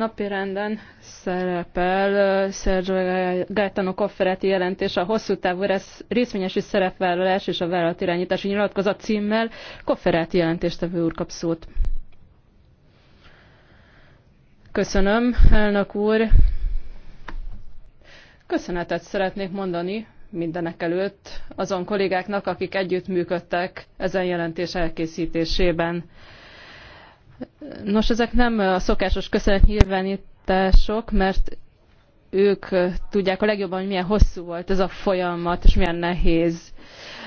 napirenden szerepel Sergio Gaetano Cofferati jelentés a hosszú távú részvényesi szerepvállalás és a irányítási nyilatkozat címmel. Cofferati jelentéstevő úr kap szót. Köszönöm, elnök úr. Köszönetet szeretnék mondani mindenek előtt azon kollégáknak, akik együttműködtek ezen jelentés elkészítésében. Nos, ezek nem a szokásos köszönetnyilvánítások, mert ők tudják a legjobban, hogy milyen hosszú volt ez a folyamat, és milyen nehéz.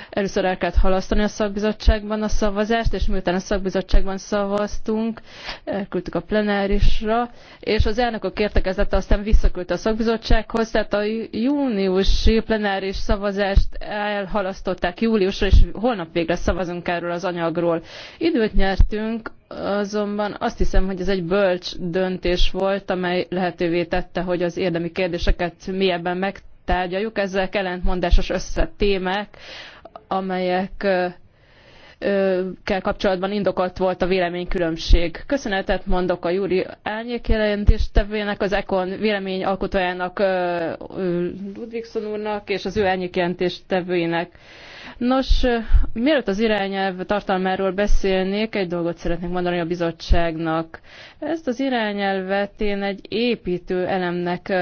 Először el kellett halasztani a szakbizottságban a szavazást, és miután a szakbizottságban szavaztunk, elküldtük a plenárisra, és az elnökök értekezlete aztán visszaküldte a szakbizottsághoz, tehát a júniusi plenáris szavazást elhalasztották júliusra, és holnap végre szavazunk erről az anyagról. Időt nyertünk, azonban azt hiszem, hogy ez egy bölcs döntés volt, amely lehetővé tette, hogy az érdemi kérdéseket mélyebben megtárgyaljuk. Ezek ellentmondásos összetémek, amelyek kell kapcsolatban indokolt volt a véleménykülönbség. Köszönetet mondok a Júri Álnyék jelentéstevőjének, az Ekon vélemény alkotójának Ludvigson úrnak és az ő Álnyék jelentéstevőjének. Nos, mielőtt az irányelv tartalmáról beszélnék, egy dolgot szeretnék mondani a bizottságnak. Ezt az irányelvet én egy építő elemnek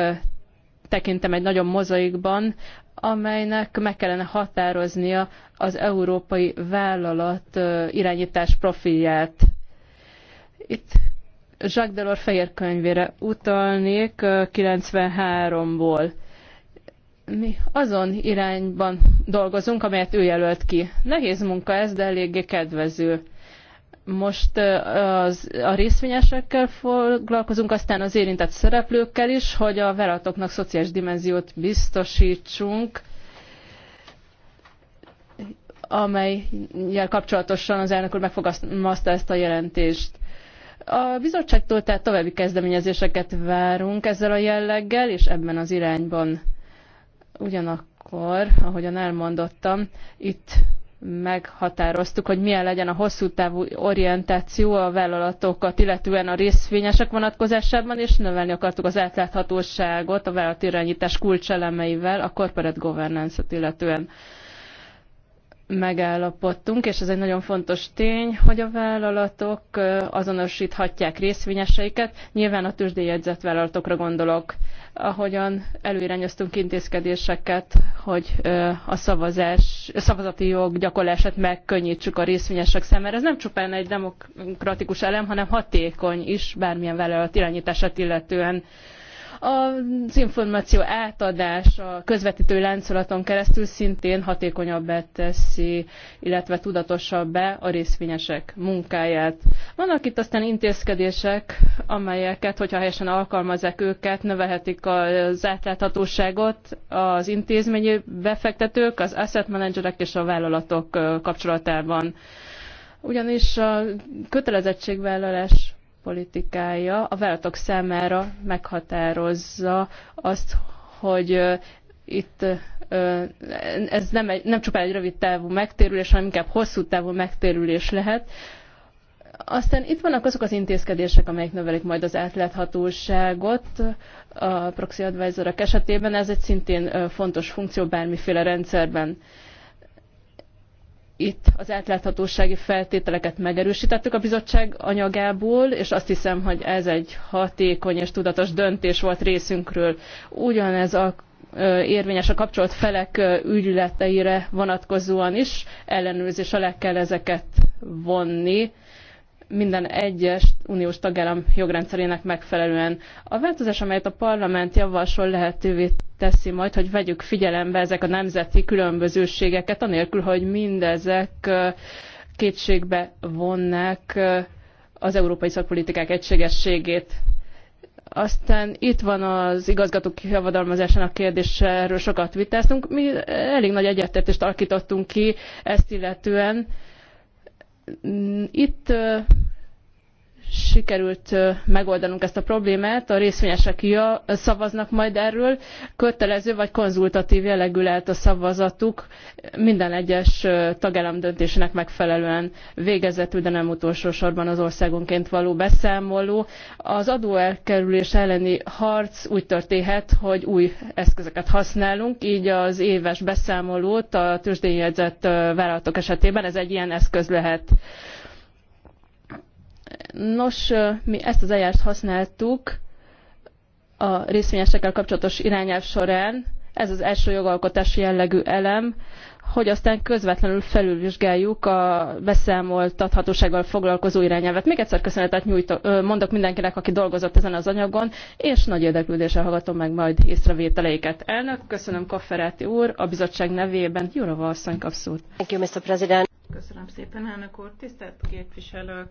tekintem egy nagyon mozaikban, amelynek meg kellene határoznia az európai vállalat irányítás profilját. Itt Jacques Delors fehér könyvére utalnék 93-ból mi azon irányban dolgozunk, amelyet ő jelölt ki. Nehéz munka ez, de eléggé kedvező. Most az, a részvényesekkel foglalkozunk, aztán az érintett szereplőkkel is, hogy a vállalatoknak szociális dimenziót biztosítsunk, amelyel kapcsolatosan az elnök úr megfogalmazta ezt a jelentést. A bizottságtól tehát további kezdeményezéseket várunk ezzel a jelleggel, és ebben az irányban Ugyanakkor, ahogyan elmondottam, itt meghatároztuk, hogy milyen legyen a hosszú távú orientáció a vállalatokat, illetően a részvényesek vonatkozásában, és növelni akartuk az átláthatóságot a vállalatirányítás kulcselemeivel, a corporate governance-et illetően megállapodtunk, és ez egy nagyon fontos tény, hogy a vállalatok azonosíthatják részvényeseiket. Nyilván a tőzsdéjegyzett vállalatokra gondolok, ahogyan előirányoztunk intézkedéseket, hogy a szavazás, a szavazati jog gyakorlását megkönnyítsük a részvényesek számára. Ez nem csupán egy demokratikus elem, hanem hatékony is bármilyen vállalat irányítását illetően. Az információ átadása a közvetítő láncolaton keresztül szintén hatékonyabbá teszi, illetve tudatosabbá a részvényesek munkáját. Vannak itt aztán intézkedések, amelyeket, hogyha helyesen alkalmazzák őket, növelhetik az átláthatóságot az intézményi befektetők, az asset managerek és a vállalatok kapcsolatában. Ugyanis a kötelezettségvállalás politikája a vállalatok számára meghatározza azt, hogy itt ez nem, egy, nem csupán egy rövid távú megtérülés, hanem inkább hosszú távú megtérülés lehet. Aztán itt vannak azok az intézkedések, amelyek növelik majd az átláthatóságot a proxy advisorok esetében. Ez egy szintén fontos funkció bármiféle rendszerben itt az átláthatósági feltételeket megerősítettük a bizottság anyagából, és azt hiszem, hogy ez egy hatékony és tudatos döntés volt részünkről. Ugyanez a érvényes a kapcsolt felek ügyleteire vonatkozóan is, ellenőrzés alá kell ezeket vonni, minden egyes uniós tagállam jogrendszerének megfelelően. A változás, amelyet a parlament javasol, lehetővé teszi majd, hogy vegyük figyelembe ezek a nemzeti különbözőségeket, anélkül, hogy mindezek kétségbe vonnák az európai szakpolitikák egységességét. Aztán itt van az igazgatók javadalmazásának kérdése, erről sokat vitáztunk. Mi elég nagy egyetértést alakítottunk ki ezt illetően, itt sikerült megoldanunk ezt a problémát, a részvényesek szavaznak majd erről, kötelező vagy konzultatív jellegű lehet a szavazatuk minden egyes tagállam döntésének megfelelően végezetül, de nem utolsó sorban az országonként való beszámoló. Az adóelkerülés elleni harc úgy történhet, hogy új eszközöket használunk, így az éves beszámolót a tőzsdényjegyzett vállalatok esetében ez egy ilyen eszköz lehet. Nos, mi ezt az eljárást használtuk a részvényesekkel kapcsolatos irányelv során. Ez az első jogalkotási jellegű elem, hogy aztán közvetlenül felülvizsgáljuk a beszámoltathatósággal foglalkozó irányelvet. Még egyszer köszönetet nyújtok, mondok mindenkinek, aki dolgozott ezen az anyagon, és nagy érdeklődéssel hallgatom meg majd észrevételeiket. Elnök, köszönöm Kafferáti úr, a bizottság nevében Jurova asszony kap szót. Köszönöm szépen, elnök úr, tisztelt képviselők!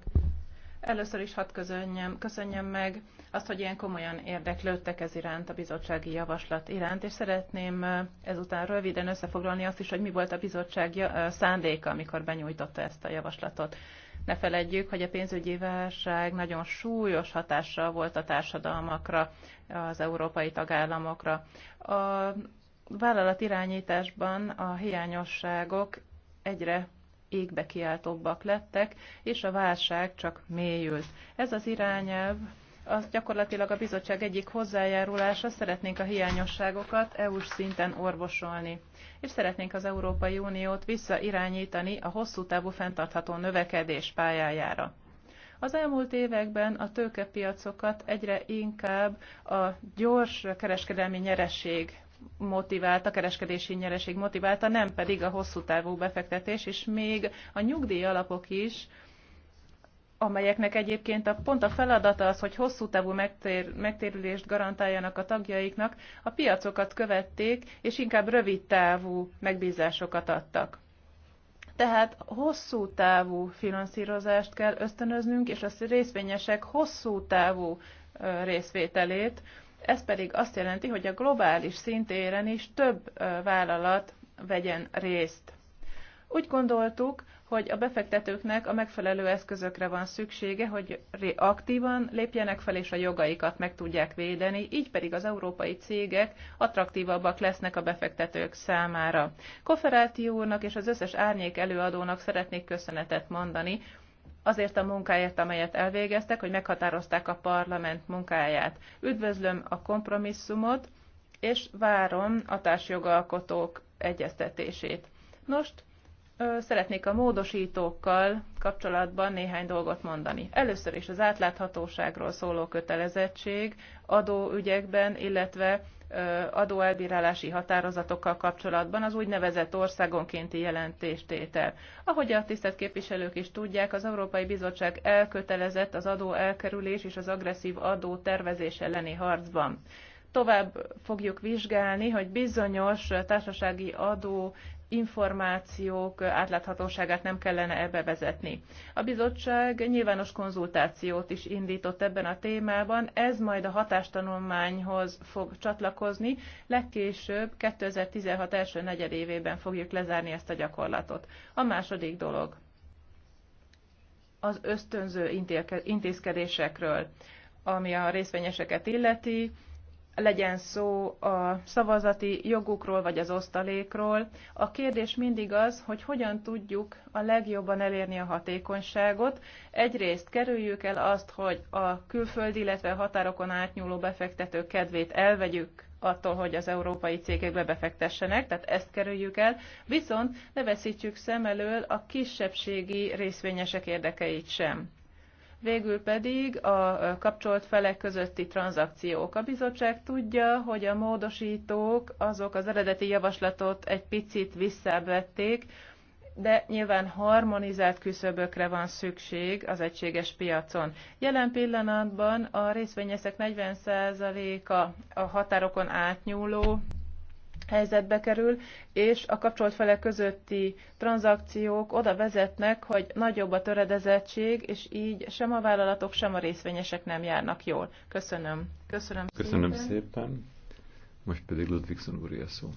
Először is hadd köszönjem, köszönjem meg azt, hogy ilyen komolyan érdeklődtek ez iránt, a bizottsági javaslat iránt, és szeretném ezután röviden összefoglalni azt is, hogy mi volt a bizottság szándéka, amikor benyújtotta ezt a javaslatot. Ne feledjük, hogy a pénzügyi válság nagyon súlyos hatással volt a társadalmakra, az európai tagállamokra. A vállalatirányításban a hiányosságok egyre égbe kiáltóbbak lettek, és a válság csak mélyült. Ez az irányelv az gyakorlatilag a bizottság egyik hozzájárulása, szeretnénk a hiányosságokat EU-s szinten orvosolni. És szeretnénk az Európai Uniót visszairányítani a hosszú távú fenntartható növekedés pályájára. Az elmúlt években a tőkepiacokat egyre inkább a gyors kereskedelmi nyereség motivált a kereskedési nyereség motiválta, nem pedig a hosszú távú befektetés, és még a nyugdíj alapok is, amelyeknek egyébként a, pont a feladata az, hogy hosszú távú megtér, megtérülést garantáljanak a tagjaiknak, a piacokat követték, és inkább rövid távú megbízásokat adtak. Tehát hosszú távú finanszírozást kell ösztönöznünk, és a részvényesek hosszú távú részvételét, ez pedig azt jelenti, hogy a globális szintéren is több vállalat vegyen részt. Úgy gondoltuk, hogy a befektetőknek a megfelelő eszközökre van szüksége, hogy aktívan lépjenek fel és a jogaikat meg tudják védeni, így pedig az európai cégek attraktívabbak lesznek a befektetők számára. Koferáti úrnak és az összes árnyék előadónak szeretnék köszönetet mondani azért a munkáért, amelyet elvégeztek, hogy meghatározták a parlament munkáját. Üdvözlöm a kompromisszumot, és várom a társjogalkotók egyeztetését. Most szeretnék a módosítókkal kapcsolatban néhány dolgot mondani. Először is az átláthatóságról szóló kötelezettség adóügyekben, illetve adóelbírálási határozatokkal kapcsolatban az úgynevezett országonkénti jelentéstétel. Ahogy a tisztelt képviselők is tudják, az Európai Bizottság elkötelezett az adó elkerülés és az agresszív adó tervezés elleni harcban tovább fogjuk vizsgálni, hogy bizonyos társasági adó információk átláthatóságát nem kellene ebbe vezetni. A bizottság nyilvános konzultációt is indított ebben a témában, ez majd a hatástanulmányhoz fog csatlakozni, legkésőbb 2016 első negyedévében fogjuk lezárni ezt a gyakorlatot. A második dolog az ösztönző intézkedésekről, ami a részvényeseket illeti, legyen szó a szavazati jogukról vagy az osztalékról. A kérdés mindig az, hogy hogyan tudjuk a legjobban elérni a hatékonyságot. Egyrészt kerüljük el azt, hogy a külföldi, illetve a határokon átnyúló befektetők kedvét elvegyük attól, hogy az európai cégekbe befektessenek, tehát ezt kerüljük el, viszont ne veszítsük szem elől a kisebbségi részvényesek érdekeit sem Végül pedig a kapcsolt felek közötti tranzakciók. A bizottság tudja, hogy a módosítók azok az eredeti javaslatot egy picit visszavették, de nyilván harmonizált küszöbökre van szükség az egységes piacon. Jelen pillanatban a részvényeszek 40%-a a határokon átnyúló helyzetbe kerül, és a kapcsolt felek közötti tranzakciók oda vezetnek, hogy nagyobb a töredezettség, és így sem a vállalatok, sem a részvényesek nem járnak jól. Köszönöm. Köszönöm, Köszönöm szépen. szépen. Most pedig Ludvigson úr szó.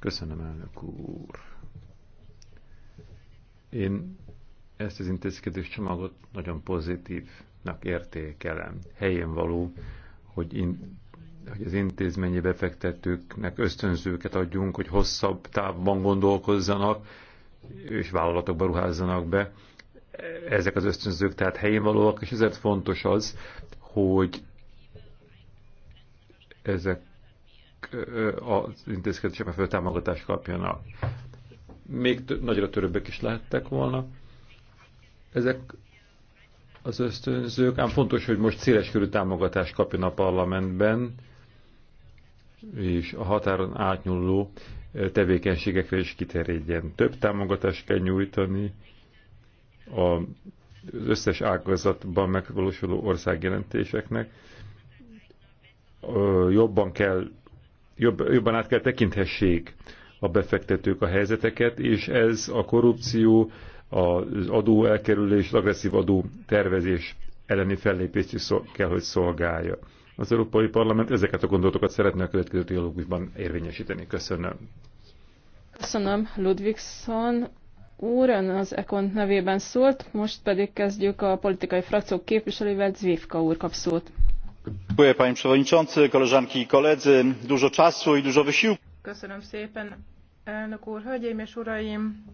Köszönöm, elnök úr. Én ezt az intézkedés csomagot nagyon pozitívnak értékelem. Helyén való, hogy hogy az intézményi befektetőknek ösztönzőket adjunk, hogy hosszabb távban gondolkozzanak, és vállalatokba ruházzanak be. Ezek az ösztönzők tehát helyén valóak, és ezért fontos az, hogy ezek az intézkedések a támogatást kapjanak. Még nagyra törőbbek is lehettek volna. Ezek az ösztönzők, ám fontos, hogy most széleskörű támogatást kapjon a parlamentben, és a határon átnyúló tevékenységekre is kiterjedjen. Több támogatást kell nyújtani a az összes ágazatban megvalósuló országjelentéseknek jobban kell, jobb, jobban át kell tekinthessék a befektetők a helyzeteket, és ez a korrupció, az adó elkerülés, az agresszív adó tervezés elleni fellépést is kell, hogy szolgálja az Európai Parlament ezeket a gondolatokat szeretne a következő dialógusban érvényesíteni. Köszönöm. Köszönöm, Ludvigson úr, ön az Ekon nevében szólt, most pedig kezdjük a politikai frakciók képviselővel, Zvivka úr kap szót. Köszönöm szépen, elnök úr, hölgyeim és uraim!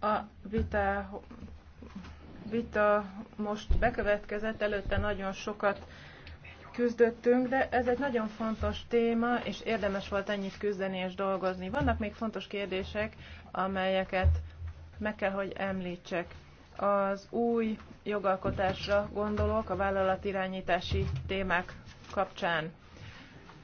A vita vita most bekövetkezett, előtte nagyon sokat küzdöttünk, de ez egy nagyon fontos téma, és érdemes volt ennyit küzdeni és dolgozni. Vannak még fontos kérdések, amelyeket meg kell, hogy említsek. Az új jogalkotásra gondolok a vállalatirányítási témák kapcsán.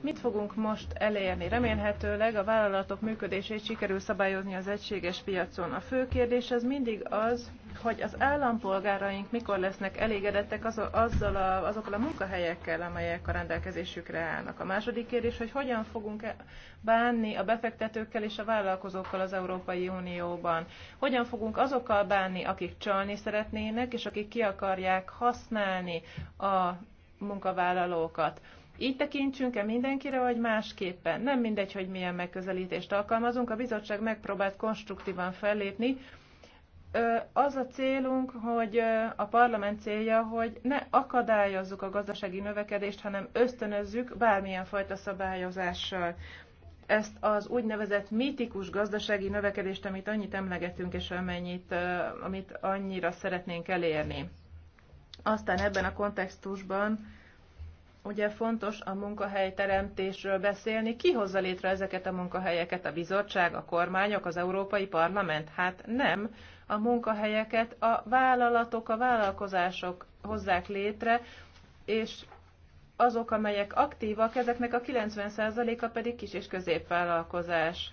Mit fogunk most elérni? Remélhetőleg a vállalatok működését sikerül szabályozni az egységes piacon. A fő kérdés az mindig az, hogy az állampolgáraink mikor lesznek elégedettek az, azzal a, azokkal a munkahelyekkel, amelyek a rendelkezésükre állnak. A második kérdés, hogy hogyan fogunk -e bánni a befektetőkkel és a vállalkozókkal az Európai Unióban. Hogyan fogunk azokkal bánni, akik csalni szeretnének, és akik ki akarják használni a munkavállalókat így tekintsünk-e mindenkire, vagy másképpen. Nem mindegy, hogy milyen megközelítést alkalmazunk. A bizottság megpróbált konstruktívan fellépni. Az a célunk, hogy a parlament célja, hogy ne akadályozzuk a gazdasági növekedést, hanem ösztönözzük bármilyen fajta szabályozással ezt az úgynevezett mítikus gazdasági növekedést, amit annyit emlegetünk, és amennyit, amit annyira szeretnénk elérni. Aztán ebben a kontextusban ugye fontos a munkahelyteremtésről beszélni. Ki hozza létre ezeket a munkahelyeket? A bizottság, a kormányok, az Európai Parlament? Hát nem. A munkahelyeket a vállalatok, a vállalkozások hozzák létre, és azok, amelyek aktívak, ezeknek a 90%-a pedig kis- és középvállalkozás.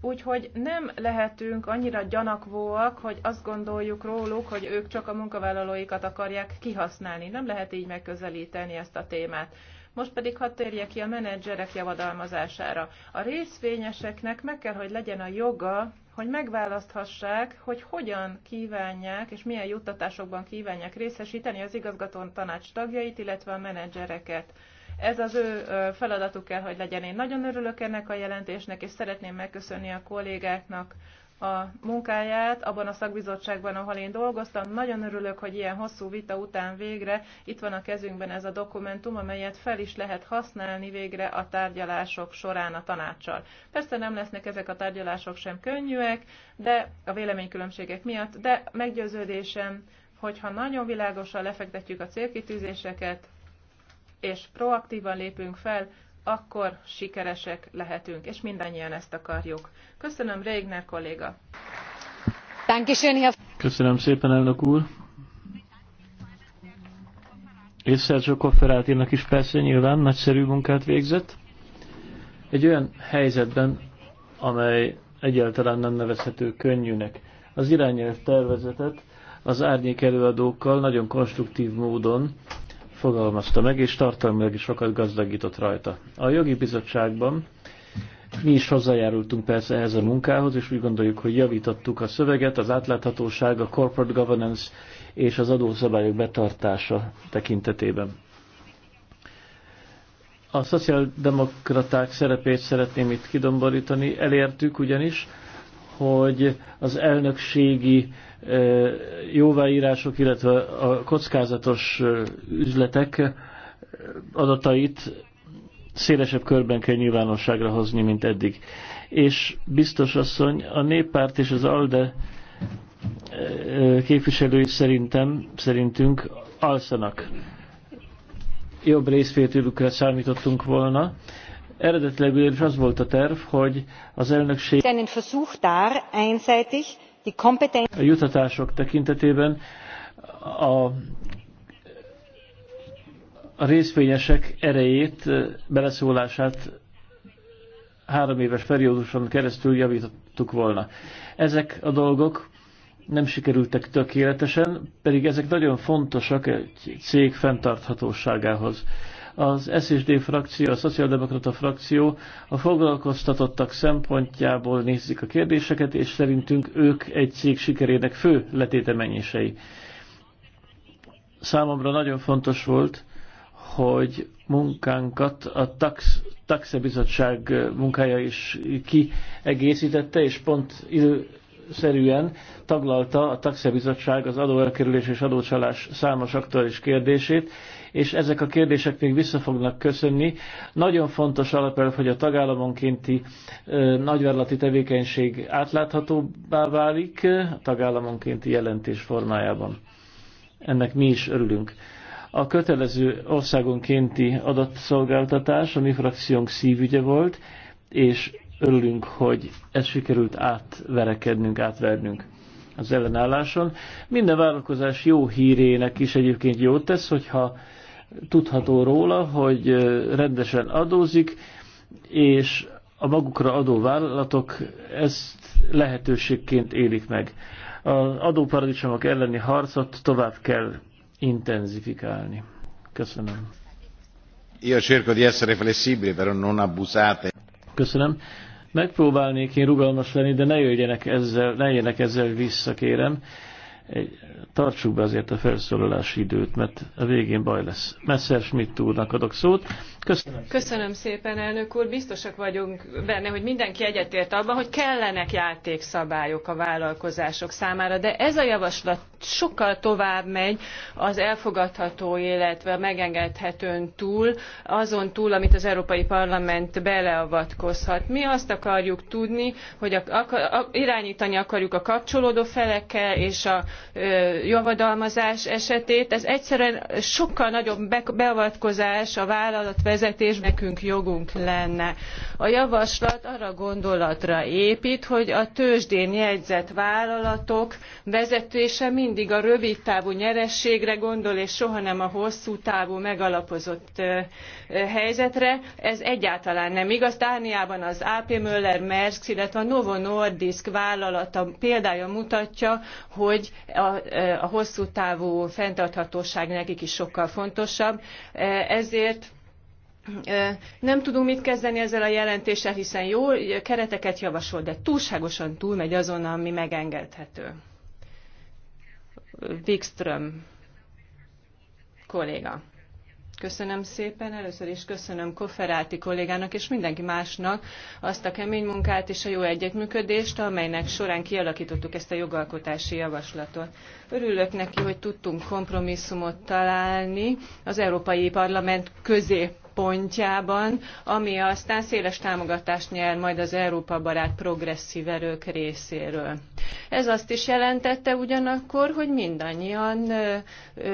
Úgyhogy nem lehetünk annyira gyanakvóak, hogy azt gondoljuk róluk, hogy ők csak a munkavállalóikat akarják kihasználni. Nem lehet így megközelíteni ezt a témát. Most pedig hadd térje ki a menedzserek javadalmazására. A részvényeseknek meg kell, hogy legyen a joga, hogy megválaszthassák, hogy hogyan kívánják és milyen juttatásokban kívánják részesíteni az igazgató tanács tagjait, illetve a menedzsereket. Ez az ő feladatuk kell, hogy legyen. Én nagyon örülök ennek a jelentésnek, és szeretném megköszönni a kollégáknak a munkáját abban a szakbizottságban, ahol én dolgoztam. Nagyon örülök, hogy ilyen hosszú vita után végre itt van a kezünkben ez a dokumentum, amelyet fel is lehet használni végre a tárgyalások során a tanácssal. Persze nem lesznek ezek a tárgyalások sem könnyűek, de a véleménykülönbségek miatt, de meggyőződésem, hogyha nagyon világosan lefektetjük a célkitűzéseket, és proaktívan lépünk fel, akkor sikeresek lehetünk, és mindannyian ezt akarjuk. Köszönöm, Régner kolléga! Köszönöm szépen, elnök úr! És Szerzsó Kofferátinak is persze nyilván nagyszerű munkát végzett. Egy olyan helyzetben, amely egyáltalán nem nevezhető könnyűnek. Az irányelv tervezetet az árnyék előadókkal nagyon konstruktív módon fogalmazta meg, és tartalmilag is sokat gazdagított rajta. A jogi bizottságban mi is hozzájárultunk persze ehhez a munkához, és úgy gondoljuk, hogy javítottuk a szöveget, az átláthatóság, a corporate governance és az adószabályok betartása tekintetében. A szociáldemokraták szerepét szeretném itt kidomborítani, elértük ugyanis, hogy az elnökségi jóváírások, illetve a kockázatos üzletek adatait szélesebb körben kell nyilvánosságra hozni, mint eddig. És biztos asszony, a néppárt és az ALDE képviselői szerintem, szerintünk alszanak. Jobb részvételükre számítottunk volna, Eredetileg ugyanis az volt a terv, hogy az elnökség a jutatások tekintetében a, részvényesek erejét, beleszólását három éves perióduson keresztül javítottuk volna. Ezek a dolgok nem sikerültek tökéletesen, pedig ezek nagyon fontosak egy cég fenntarthatóságához. Az SSD frakció, a Szociáldemokrata frakció a foglalkoztatottak szempontjából nézik a kérdéseket, és szerintünk ők egy cég sikerének fő letétemennyisei. Számomra nagyon fontos volt, hogy munkánkat a tax, taxe bizottság munkája is kiegészítette, és pont szerűen taglalta a taxe bizottság az adóelkerülés és adócsalás számos aktuális kérdését, és ezek a kérdések még vissza fognak köszönni. Nagyon fontos alapelv, hogy a tagállamonkénti nagyvállalati tevékenység átláthatóbbá válik a tagállamonkénti jelentés formájában. Ennek mi is örülünk. A kötelező országonkénti adatszolgáltatás a mi frakciónk szívügye volt, és örülünk, hogy ez sikerült átverekednünk, átvernünk az ellenálláson. Minden vállalkozás jó hírének is egyébként jót tesz, hogyha tudható róla, hogy rendesen adózik, és a magukra adó vállalatok ezt lehetőségként élik meg. Az adóparadicsomok elleni harcot tovább kell intenzifikálni. Köszönöm. Io cerco di essere flessibile, però non abusate. Köszönöm. Megpróbálnék én rugalmas lenni, de ne jöjjenek ezzel, ne jöjjenek ezzel vissza, kérem. Egy, tartsuk be azért a felszólalási időt, mert a végén baj lesz. Messerschmitt úrnak adok szót. Köszönöm. Köszönöm szépen, elnök úr. Biztosak vagyunk benne, hogy mindenki egyetért abban, hogy kellenek játékszabályok a vállalkozások számára, de ez a javaslat sokkal tovább megy az elfogadható, illetve megengedhetőn túl, azon túl, amit az Európai Parlament beleavatkozhat. Mi azt akarjuk tudni, hogy a, a, irányítani akarjuk a kapcsolódó felekkel és a ö, javadalmazás esetét. Ez egyszerűen sokkal nagyobb be, beavatkozás a vállalatvezetés, nekünk jogunk lenne. A javaslat arra gondolatra épít, hogy a tőzsdén jegyzett vállalatok vezetése mind mindig a rövid távú nyerességre gondol, és soha nem a hosszú távú megalapozott helyzetre. Ez egyáltalán nem igaz. Dániában az AP Möller Merck, illetve a Novo Nordisk vállalata példája mutatja, hogy a, a hosszú távú fenntarthatóság nekik is sokkal fontosabb. Ezért nem tudunk mit kezdeni ezzel a jelentéssel, hiszen jó kereteket javasol, de túlságosan túlmegy azon, ami megengedhető. Wikström kolléga. Köszönöm szépen. Először is köszönöm Koferáti kollégának és mindenki másnak azt a kemény munkát és a jó együttműködést, amelynek során kialakítottuk ezt a jogalkotási javaslatot. Örülök neki, hogy tudtunk kompromisszumot találni az Európai Parlament közé pontjában, ami aztán széles támogatást nyer majd az Európa barát progresszív erők részéről. Ez azt is jelentette ugyanakkor, hogy mindannyian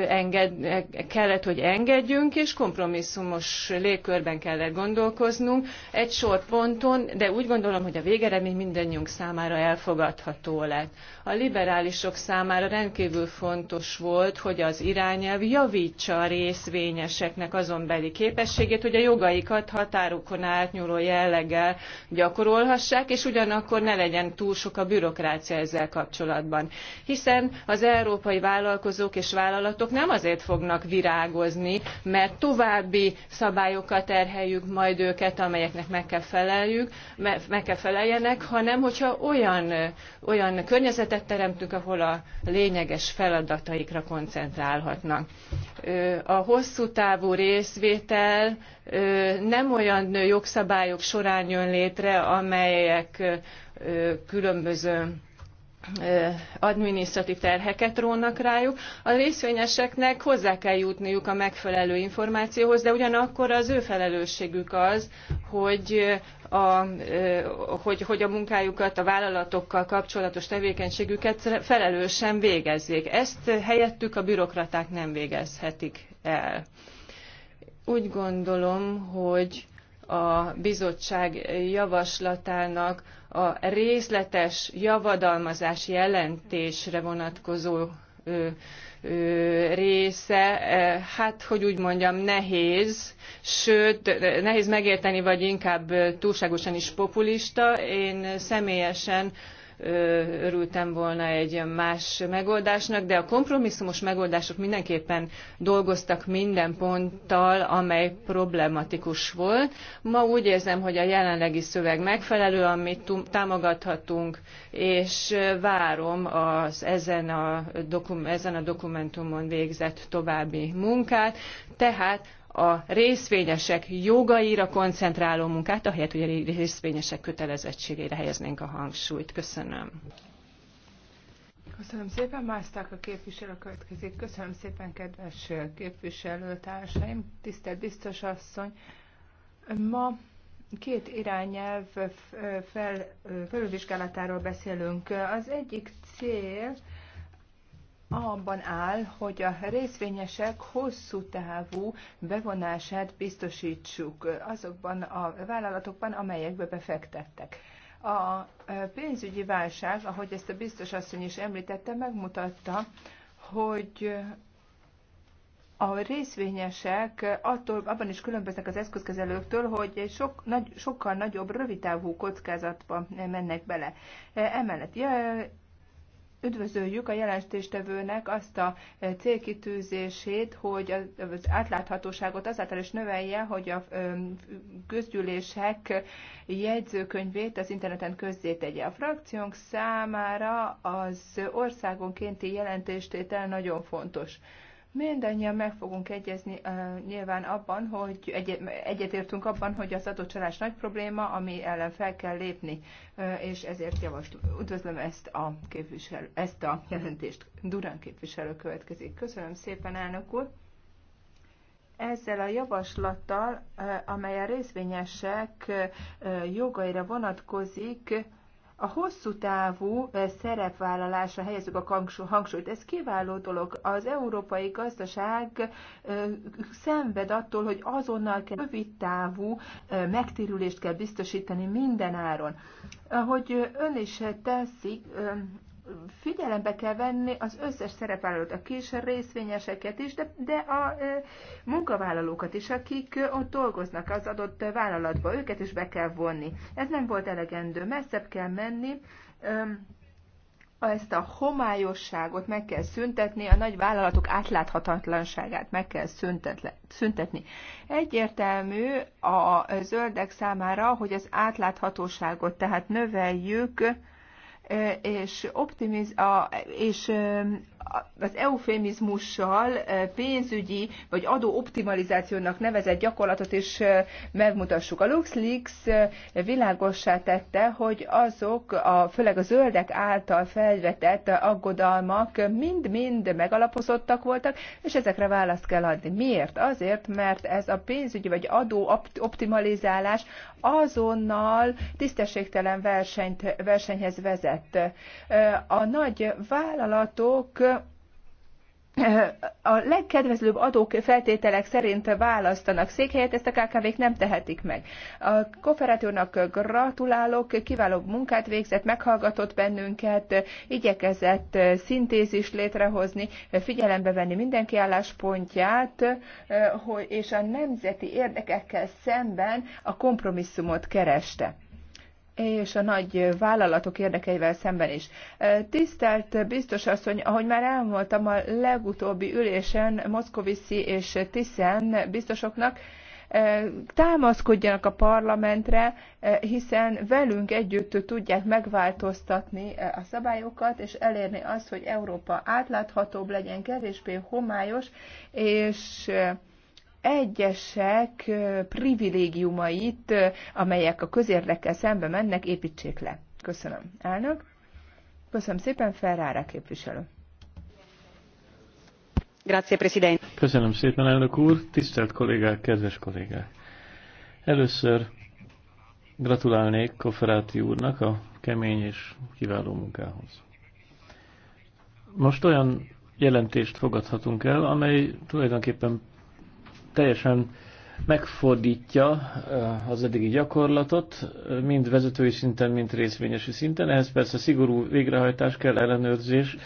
enged, e, kellett, hogy engedjünk, és kompromisszumos légkörben kellett gondolkoznunk egy sor ponton, de úgy gondolom, hogy a végeredmény mindannyiunk számára elfogadható lett. A liberálisok számára rendkívül fontos volt, hogy az irányelv javítsa a részvényeseknek azon beli képességét, lehetőségét, hogy a jogaikat határokon átnyúló jelleggel gyakorolhassák, és ugyanakkor ne legyen túl sok a bürokrácia ezzel kapcsolatban. Hiszen az európai vállalkozók és vállalatok nem azért fognak virágozni, mert további szabályokat terheljük majd őket, amelyeknek meg kell, feleljük, meg kell feleljenek, hanem hogyha olyan, olyan környezetet teremtünk, ahol a lényeges feladataikra koncentrálhatnak. A hosszú távú részvétel nem olyan jogszabályok során jön létre, amelyek különböző adminisztratív terheket rónak rájuk. A részvényeseknek hozzá kell jutniuk a megfelelő információhoz, de ugyanakkor az ő felelősségük az, hogy a, hogy, hogy a munkájukat, a vállalatokkal kapcsolatos tevékenységüket felelősen végezzék. Ezt helyettük a bürokraták nem végezhetik el. Úgy gondolom, hogy a bizottság javaslatának a részletes javadalmazási jelentésre vonatkozó ö, ö, része, hát hogy úgy mondjam, nehéz, sőt, nehéz megérteni, vagy inkább túlságosan is populista. Én személyesen örültem volna egy más megoldásnak, de a kompromisszumos megoldások mindenképpen dolgoztak minden ponttal, amely problematikus volt. Ma úgy érzem, hogy a jelenlegi szöveg megfelelő, amit támogathatunk, és várom az ezen a, dokum, ezen a dokumentumon végzett további munkát. Tehát a részvényesek jogaira koncentráló munkát, ahelyett, hogy a részvényesek kötelezettségére helyeznénk a hangsúlyt. Köszönöm. Köszönöm szépen, Mászták a képviselő következik. Köszönöm szépen, kedves képviselőtársaim, tisztelt biztos asszony. Ma két irányelv fel, felülvizsgálatáról beszélünk. Az egyik cél, abban áll, hogy a részvényesek hosszú távú bevonását biztosítsuk azokban a vállalatokban, amelyekbe befektettek. A e, pénzügyi válság, ahogy ezt a biztos asszony is említette, megmutatta, hogy a részvényesek attól, abban is különböznek az eszközkezelőktől, hogy sok, nagy, sokkal nagyobb, rövidtávú kockázatba mennek bele. E, emellett Üdvözöljük a jelentéstevőnek azt a e, célkitűzését, hogy az átláthatóságot azáltal is növelje, hogy a e, közgyűlések jegyzőkönyvét az interneten közzétegye. A frakciónk számára az országonkénti jelentéstétel nagyon fontos. Mindannyian meg fogunk egyezni uh, nyilván abban, hogy egy, egyetértünk abban, hogy az adócsalás nagy probléma, ami ellen fel kell lépni, uh, és ezért javaslom, üdvözlöm ezt a, képviselő, ezt a jelentést. Durán képviselő következik. Köszönöm szépen, elnök úr! Ezzel a javaslattal, uh, amely a részvényesek uh, jogaira vonatkozik, uh, a hosszú távú eh, szerepvállalásra helyezzük a hangsúlyt. Ez kiváló dolog. Az európai gazdaság eh, szenved attól, hogy azonnal kell rövid távú eh, megtérülést kell biztosítani minden áron. Ahogy ön is teszik, figyelembe kell venni az összes szereplőt, a kis részvényeseket is, de, de a munkavállalókat is, akik ott dolgoznak az adott vállalatba, őket is be kell vonni. Ez nem volt elegendő, messzebb kell menni, ezt a homályosságot meg kell szüntetni, a nagy vállalatok átláthatatlanságát meg kell szüntetni. Egyértelmű a zöldek számára, hogy az átláthatóságot tehát növeljük, és, optimiz- a és az eufémizmussal pénzügyi vagy optimalizációnak nevezett gyakorlatot is megmutassuk. A LuxLeaks világossá tette, hogy azok, a, főleg a zöldek által felvetett aggodalmak mind-mind megalapozottak voltak, és ezekre választ kell adni. Miért? Azért, mert ez a pénzügyi vagy optimalizálás azonnal tisztességtelen versenyt, versenyhez vezet. A nagy vállalatok a legkedvezőbb adók feltételek szerint választanak székhelyet, ezt a KKV-k nem tehetik meg. A kooperatívnak gratulálok, kiváló munkát végzett, meghallgatott bennünket, igyekezett szintézis létrehozni, figyelembe venni mindenki álláspontját, eh, és a nemzeti érdekekkel szemben a kompromisszumot kereste és a nagy vállalatok érdekeivel szemben is. Tisztelt biztos asszony, ahogy már elmondtam a legutóbbi ülésen Moszkoviszi és Tiszen biztosoknak, támaszkodjanak a parlamentre, hiszen velünk együtt tudják megváltoztatni a szabályokat, és elérni azt, hogy Európa átláthatóbb legyen, kevésbé homályos, és egyesek privilégiumait, amelyek a közérdekkel szembe mennek, építsék le. Köszönöm, elnök. Köszönöm szépen, Ferrara képviselő. Grazie, Presidente. Köszönöm szépen, elnök úr, tisztelt kollégák, kedves kollégák. Először gratulálnék Koferáti úrnak a kemény és kiváló munkához. Most olyan jelentést fogadhatunk el, amely tulajdonképpen teljesen megfordítja eh, az eddigi gyakorlatot, mind vezetői szinten, mind részvényesi szinten. Ehhez persze szigorú végrehajtás kell, ellenőrzés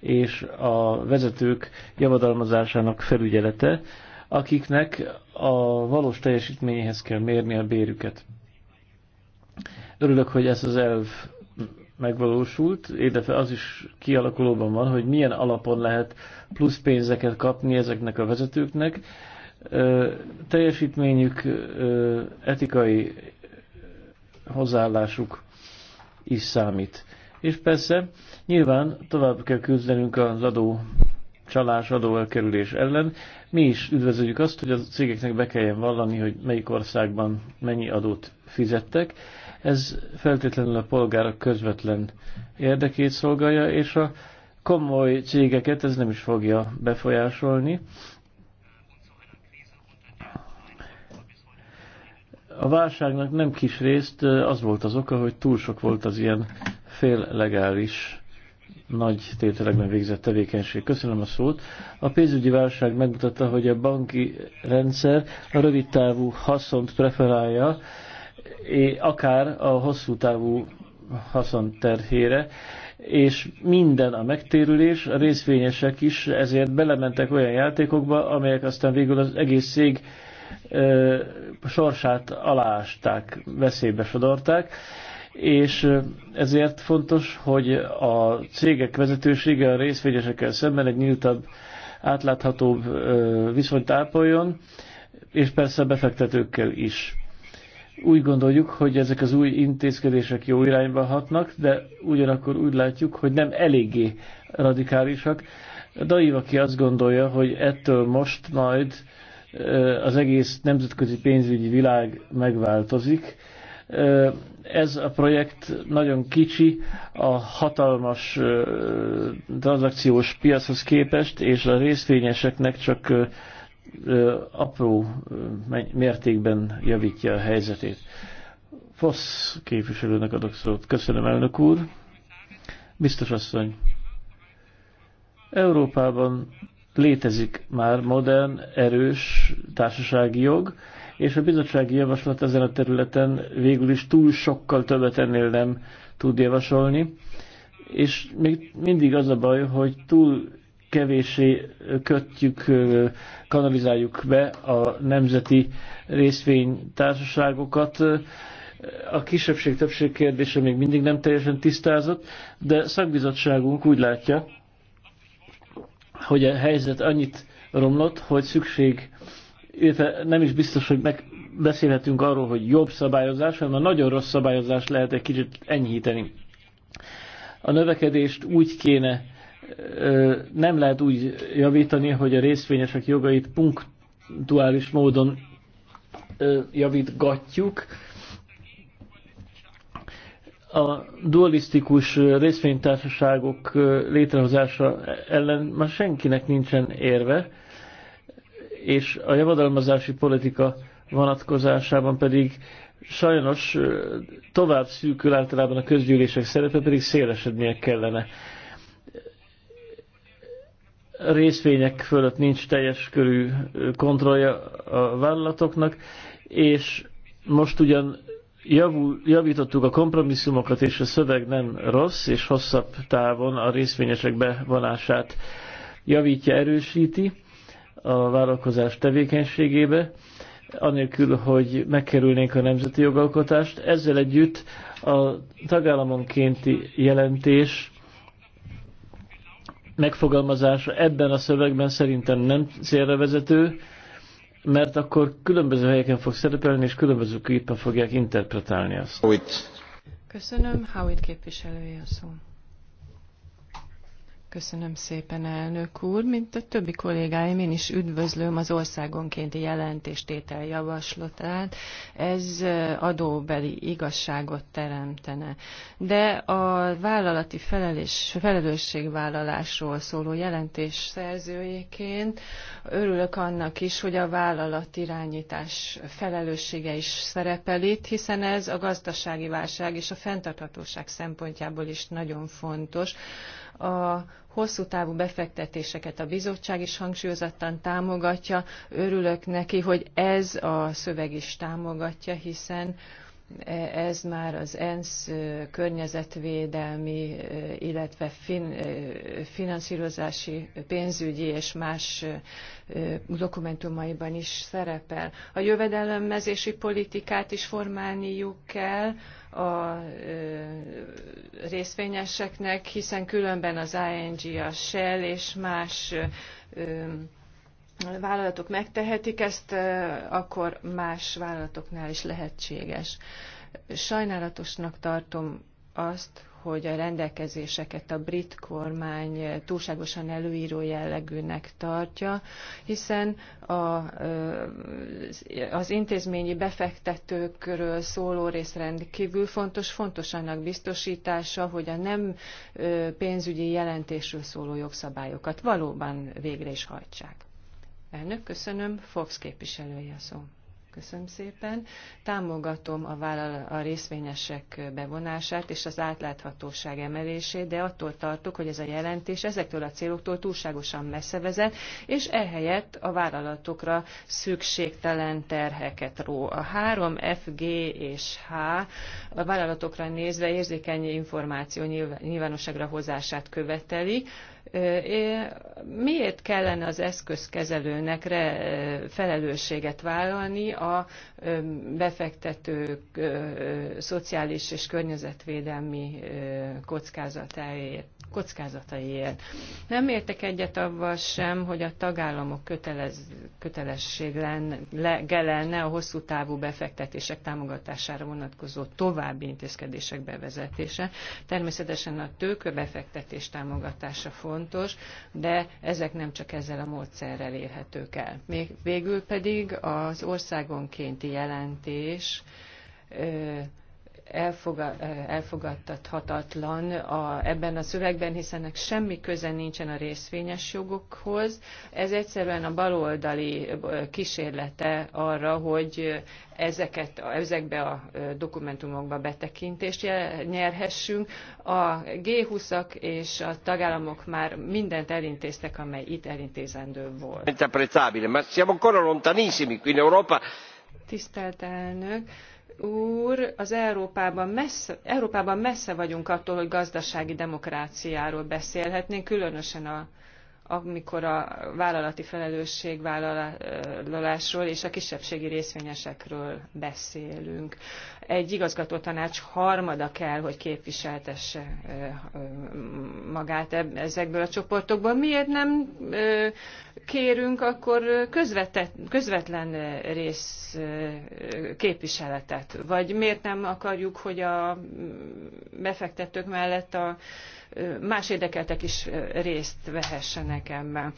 és a vezetők javadalmazásának felügyelete, akiknek a valós teljesítményéhez kell mérni a bérüket. Örülök, hogy ez az elv megvalósult, illetve az is kialakulóban van, hogy milyen alapon lehet plusz pénzeket kapni ezeknek a vezetőknek, teljesítményük, etikai hozzáállásuk is számít. És persze nyilván tovább kell küzdenünk az adó csalás, adóelkerülés ellen. Mi is üdvözöljük azt, hogy a cégeknek be kelljen vallani, hogy melyik országban mennyi adót fizettek. Ez feltétlenül a polgárok közvetlen érdekét szolgálja, és a komoly cégeket ez nem is fogja befolyásolni, A válságnak nem kis részt az volt az oka, hogy túl sok volt az ilyen legális nagy tételekben végzett tevékenység. Köszönöm a szót. A pénzügyi válság megmutatta, hogy a banki rendszer a rövid távú haszont preferálja, akár a hosszú távú haszont terhére, és minden a megtérülés, a részvényesek is ezért belementek olyan játékokba, amelyek aztán végül az egész szég sorsát alásták, veszélybe sodorták, és ezért fontos, hogy a cégek vezetősége a részvényesekkel szemben egy nyíltabb, átláthatóbb viszonyt ápoljon, és persze befektetőkkel is. Úgy gondoljuk, hogy ezek az új intézkedések jó irányba hatnak, de ugyanakkor úgy látjuk, hogy nem eléggé radikálisak. Daiv, aki azt gondolja, hogy ettől most majd az egész nemzetközi pénzügyi világ megváltozik. Ez a projekt nagyon kicsi, a hatalmas tranzakciós piachoz képest, és a részvényeseknek csak apró mértékben javítja a helyzetét. Fosz képviselőnek adok szót. Köszönöm, elnök úr. Biztos asszony. Európában Létezik már modern, erős társasági jog, és a bizottsági javaslat ezen a területen végül is túl sokkal többet ennél nem tud javasolni, és még mindig az a baj, hogy túl kevésé kötjük, kanalizáljuk be a nemzeti részvénytársaságokat. A kisebbség-többség kérdése még mindig nem teljesen tisztázott, de szakbizottságunk úgy látja, hogy a helyzet annyit romlott, hogy szükség, illetve nem is biztos, hogy meg beszélhetünk arról, hogy jobb szabályozás, hanem a nagyon rossz szabályozás lehet egy kicsit enyhíteni. A növekedést úgy kéne, nem lehet úgy javítani, hogy a részvényesek jogait punktuális módon javítgatjuk, a dualisztikus részvénytársaságok létrehozása ellen már senkinek nincsen érve, és a javadalmazási politika vonatkozásában pedig sajnos tovább szűkül általában a közgyűlések szerepe, pedig szélesednie kellene. Részvények fölött nincs teljes körű kontrollja a vállalatoknak, és most ugyan javul, javítottuk a kompromisszumokat, és a szöveg nem rossz, és hosszabb távon a részvényesek bevonását javítja, erősíti a vállalkozás tevékenységébe, anélkül, hogy megkerülnénk a nemzeti jogalkotást. Ezzel együtt a tagállamonkénti jelentés megfogalmazása ebben a szövegben szerintem nem célra vezető, mert akkor különböző helyeken fog szerepelni, és különböző különbözőképpen fogják interpretálni azt. Köszönöm, Howitt képviselője a szó. Köszönöm szépen, elnök úr. Mint a többi kollégáim, én is üdvözlöm az országonkénti jelentéstétel javaslatát. Ez adóbeli igazságot teremtene. De a vállalati felelés, felelősségvállalásról szóló jelentés szerzőjéként örülök annak is, hogy a vállalat irányítás felelőssége is szerepel itt, hiszen ez a gazdasági válság és a fenntarthatóság szempontjából is nagyon fontos a hosszú távú befektetéseket a bizottság is hangsúlyozottan támogatja. Örülök neki, hogy ez a szöveg is támogatja, hiszen ez már az ENSZ környezetvédelmi, illetve fin, finanszírozási, pénzügyi és más dokumentumaiban is szerepel. A jövedelemmezési politikát is formálniuk kell a részvényeseknek, hiszen különben az ING, a Shell és más vállalatok megtehetik, ezt akkor más vállalatoknál is lehetséges. Sajnálatosnak tartom azt, hogy a rendelkezéseket a brit kormány túlságosan előíró jellegűnek tartja, hiszen a, az intézményi befektetőkről szóló rész rendkívül fontos, fontos annak biztosítása, hogy a nem pénzügyi jelentésről szóló jogszabályokat valóban végre is hajtsák. Elnök, köszönöm. Fox képviselője szó. Köszönöm szépen. Támogatom a, vállal, a részvényesek bevonását és az átláthatóság emelését, de attól tartok, hogy ez a jelentés ezektől a céloktól túlságosan messze vezet, és ehelyett a vállalatokra szükségtelen terheket ró. A 3 F, G és H a vállalatokra nézve érzékeny információ nyilvánosságra hozását követeli, Miért kellene az eszközkezelőnek felelősséget vállalni a befektetők szociális és környezetvédelmi kockázatáért? kockázataiért. Nem értek egyet avval sem, hogy a tagállamok kötelez, kötelesség lenne, lenne a hosszú távú befektetések támogatására vonatkozó további intézkedések bevezetése. Természetesen a tőkebefektetés támogatása fontos, de ezek nem csak ezzel a módszerrel érhetők el. Még végül pedig az országonkénti jelentés elfogadhatatlan. a, ebben a szövegben, hiszen ennek semmi köze nincsen a részvényes jogokhoz. Ez egyszerűen a baloldali kísérlete arra, hogy ezeket, ezekbe a dokumentumokba betekintést nyerhessünk. A G20-ak és a tagállamok már mindent elintéztek, amely itt elintézendő volt. Tisztelt elnök! úr, az Európában messze, Európában messze vagyunk attól, hogy gazdasági demokráciáról beszélhetnénk, különösen a amikor a vállalati felelősségvállalásról és a kisebbségi részvényesekről beszélünk. Egy igazgatótanács harmada kell, hogy képviseltesse magát ezekből a csoportokból. Miért nem kérünk akkor közvetlen rész képviseletet? Vagy miért nem akarjuk, hogy a befektetők mellett a más érdekeltek is részt vehessenek ebben.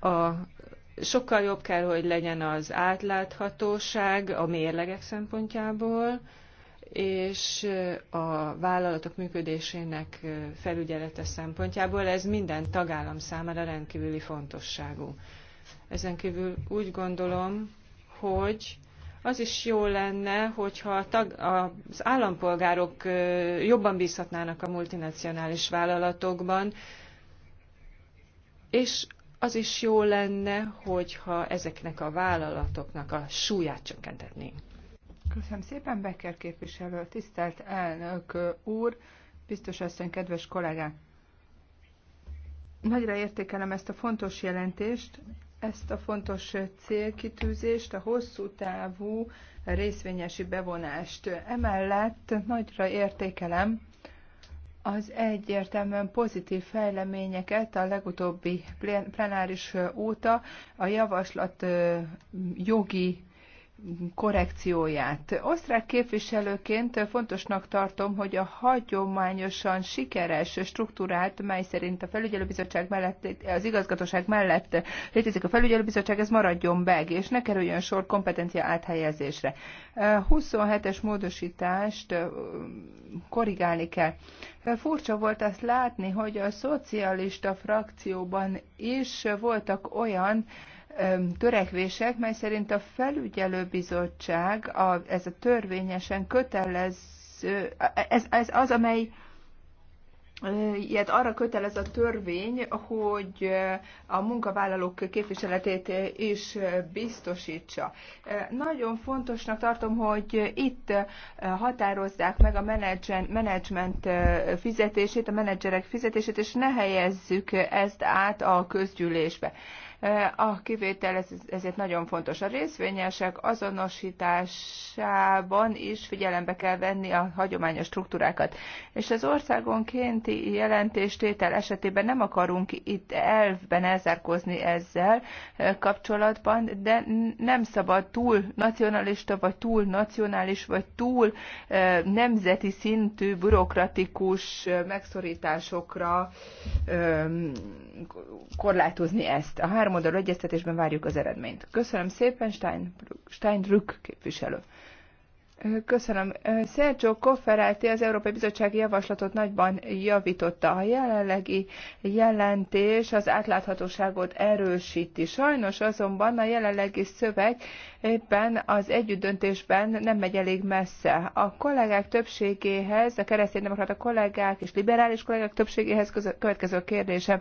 A, sokkal jobb kell, hogy legyen az átláthatóság a mérlegek szempontjából, és a vállalatok működésének felügyelete szempontjából ez minden tagállam számára rendkívüli fontosságú. Ezen kívül úgy gondolom, hogy az is jó lenne, hogyha a tag, az állampolgárok jobban bízhatnának a multinacionális vállalatokban, és az is jó lenne, hogyha ezeknek a vállalatoknak a súlyát csökkentetnénk. Köszönöm szépen, Becker képviselő, tisztelt elnök úr, biztos asszony, kedves kollégák! Nagyra értékelem ezt a fontos jelentést, ezt a fontos célkitűzést, a hosszú távú részvényesi bevonást. Emellett nagyra értékelem az egyértelműen pozitív fejleményeket a legutóbbi plenáris óta a javaslat jogi korrekcióját. Osztrák képviselőként fontosnak tartom, hogy a hagyományosan sikeres struktúrát, mely szerint a felügyelőbizottság mellett, az igazgatóság mellett létezik a felügyelőbizottság, ez maradjon meg, és ne kerüljön sor kompetencia áthelyezésre. 27-es módosítást korrigálni kell. Furcsa volt azt látni, hogy a szocialista frakcióban is voltak olyan, törekvések, mely szerint a felügyelőbizottság, a, ez a törvényesen kötelező, ez, ez az, amely ilyet arra kötelez a törvény, hogy a munkavállalók képviseletét is biztosítsa. Nagyon fontosnak tartom, hogy itt határozzák meg a menedzsment fizetését, a menedzserek fizetését, és ne helyezzük ezt át a közgyűlésbe. A kivétel ezért nagyon fontos. A részvényesek azonosításában is figyelembe kell venni a hagyományos struktúrákat. És az országonkénti jelentéstétel esetében nem akarunk itt elvben elzárkózni ezzel kapcsolatban, de nem szabad túl nacionalista, vagy túl nacionális, vagy túl nemzeti szintű bürokratikus megszorításokra korlátozni ezt. A három háromoldalú egyeztetésben várjuk az eredményt. Köszönöm szépen, Stein, képviselő. Köszönöm. Sergio Cofferati az Európai Bizottsági Javaslatot nagyban javította. A jelenlegi jelentés az átláthatóságot erősíti. Sajnos azonban a jelenlegi szöveg éppen az együttdöntésben nem megy elég messze. A kollégák többségéhez, a kereszténydemokrata kollégák és liberális kollégák többségéhez következő kérdésem.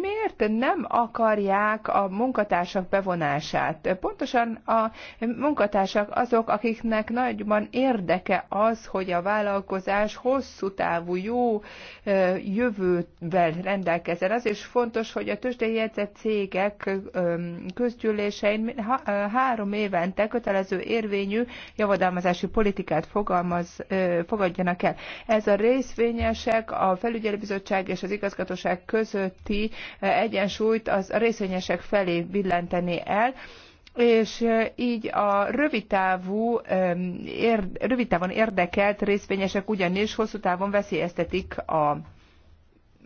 Miért nem akarják a munkatársak bevonását? Pontosan a munkatársak azok, akiknek nagyban érdeke az, hogy a vállalkozás hosszú távú jó jövővel rendelkezzen. Az is fontos, hogy a tőzsdei cégek közgyűlésein három évente kötelező érvényű javadalmazási politikát fogalmaz, fogadjanak el. Ez a részvényesek, a felügyelőbizottság és az igazgatóság közötti egyensúlyt az a részvényesek felé billenteni el és így a rövidtávú, rövidtávon érdekelt részvényesek ugyanis hosszú távon veszélyeztetik a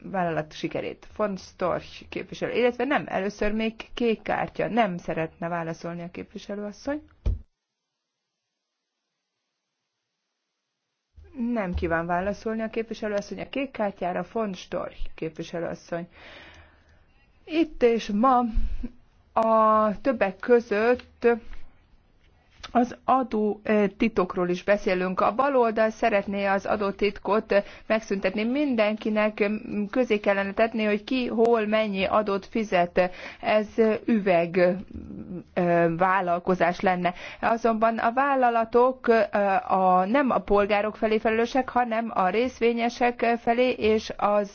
vállalat sikerét. Von Storch képviselő, illetve nem, először még kék kártya, nem szeretne válaszolni a képviselőasszony. Nem kíván válaszolni a képviselőasszony a kék kártyára, Von Storch képviselőasszony. Itt és ma a többek között az adó titokról is beszélünk. A baloldal szeretné az titkot megszüntetni. Mindenkinek közé kellene tetni, hogy ki, hol, mennyi adót fizet. Ez üveg vállalkozás lenne. Azonban a vállalatok a, nem a polgárok felé felelősek, hanem a részvényesek felé és az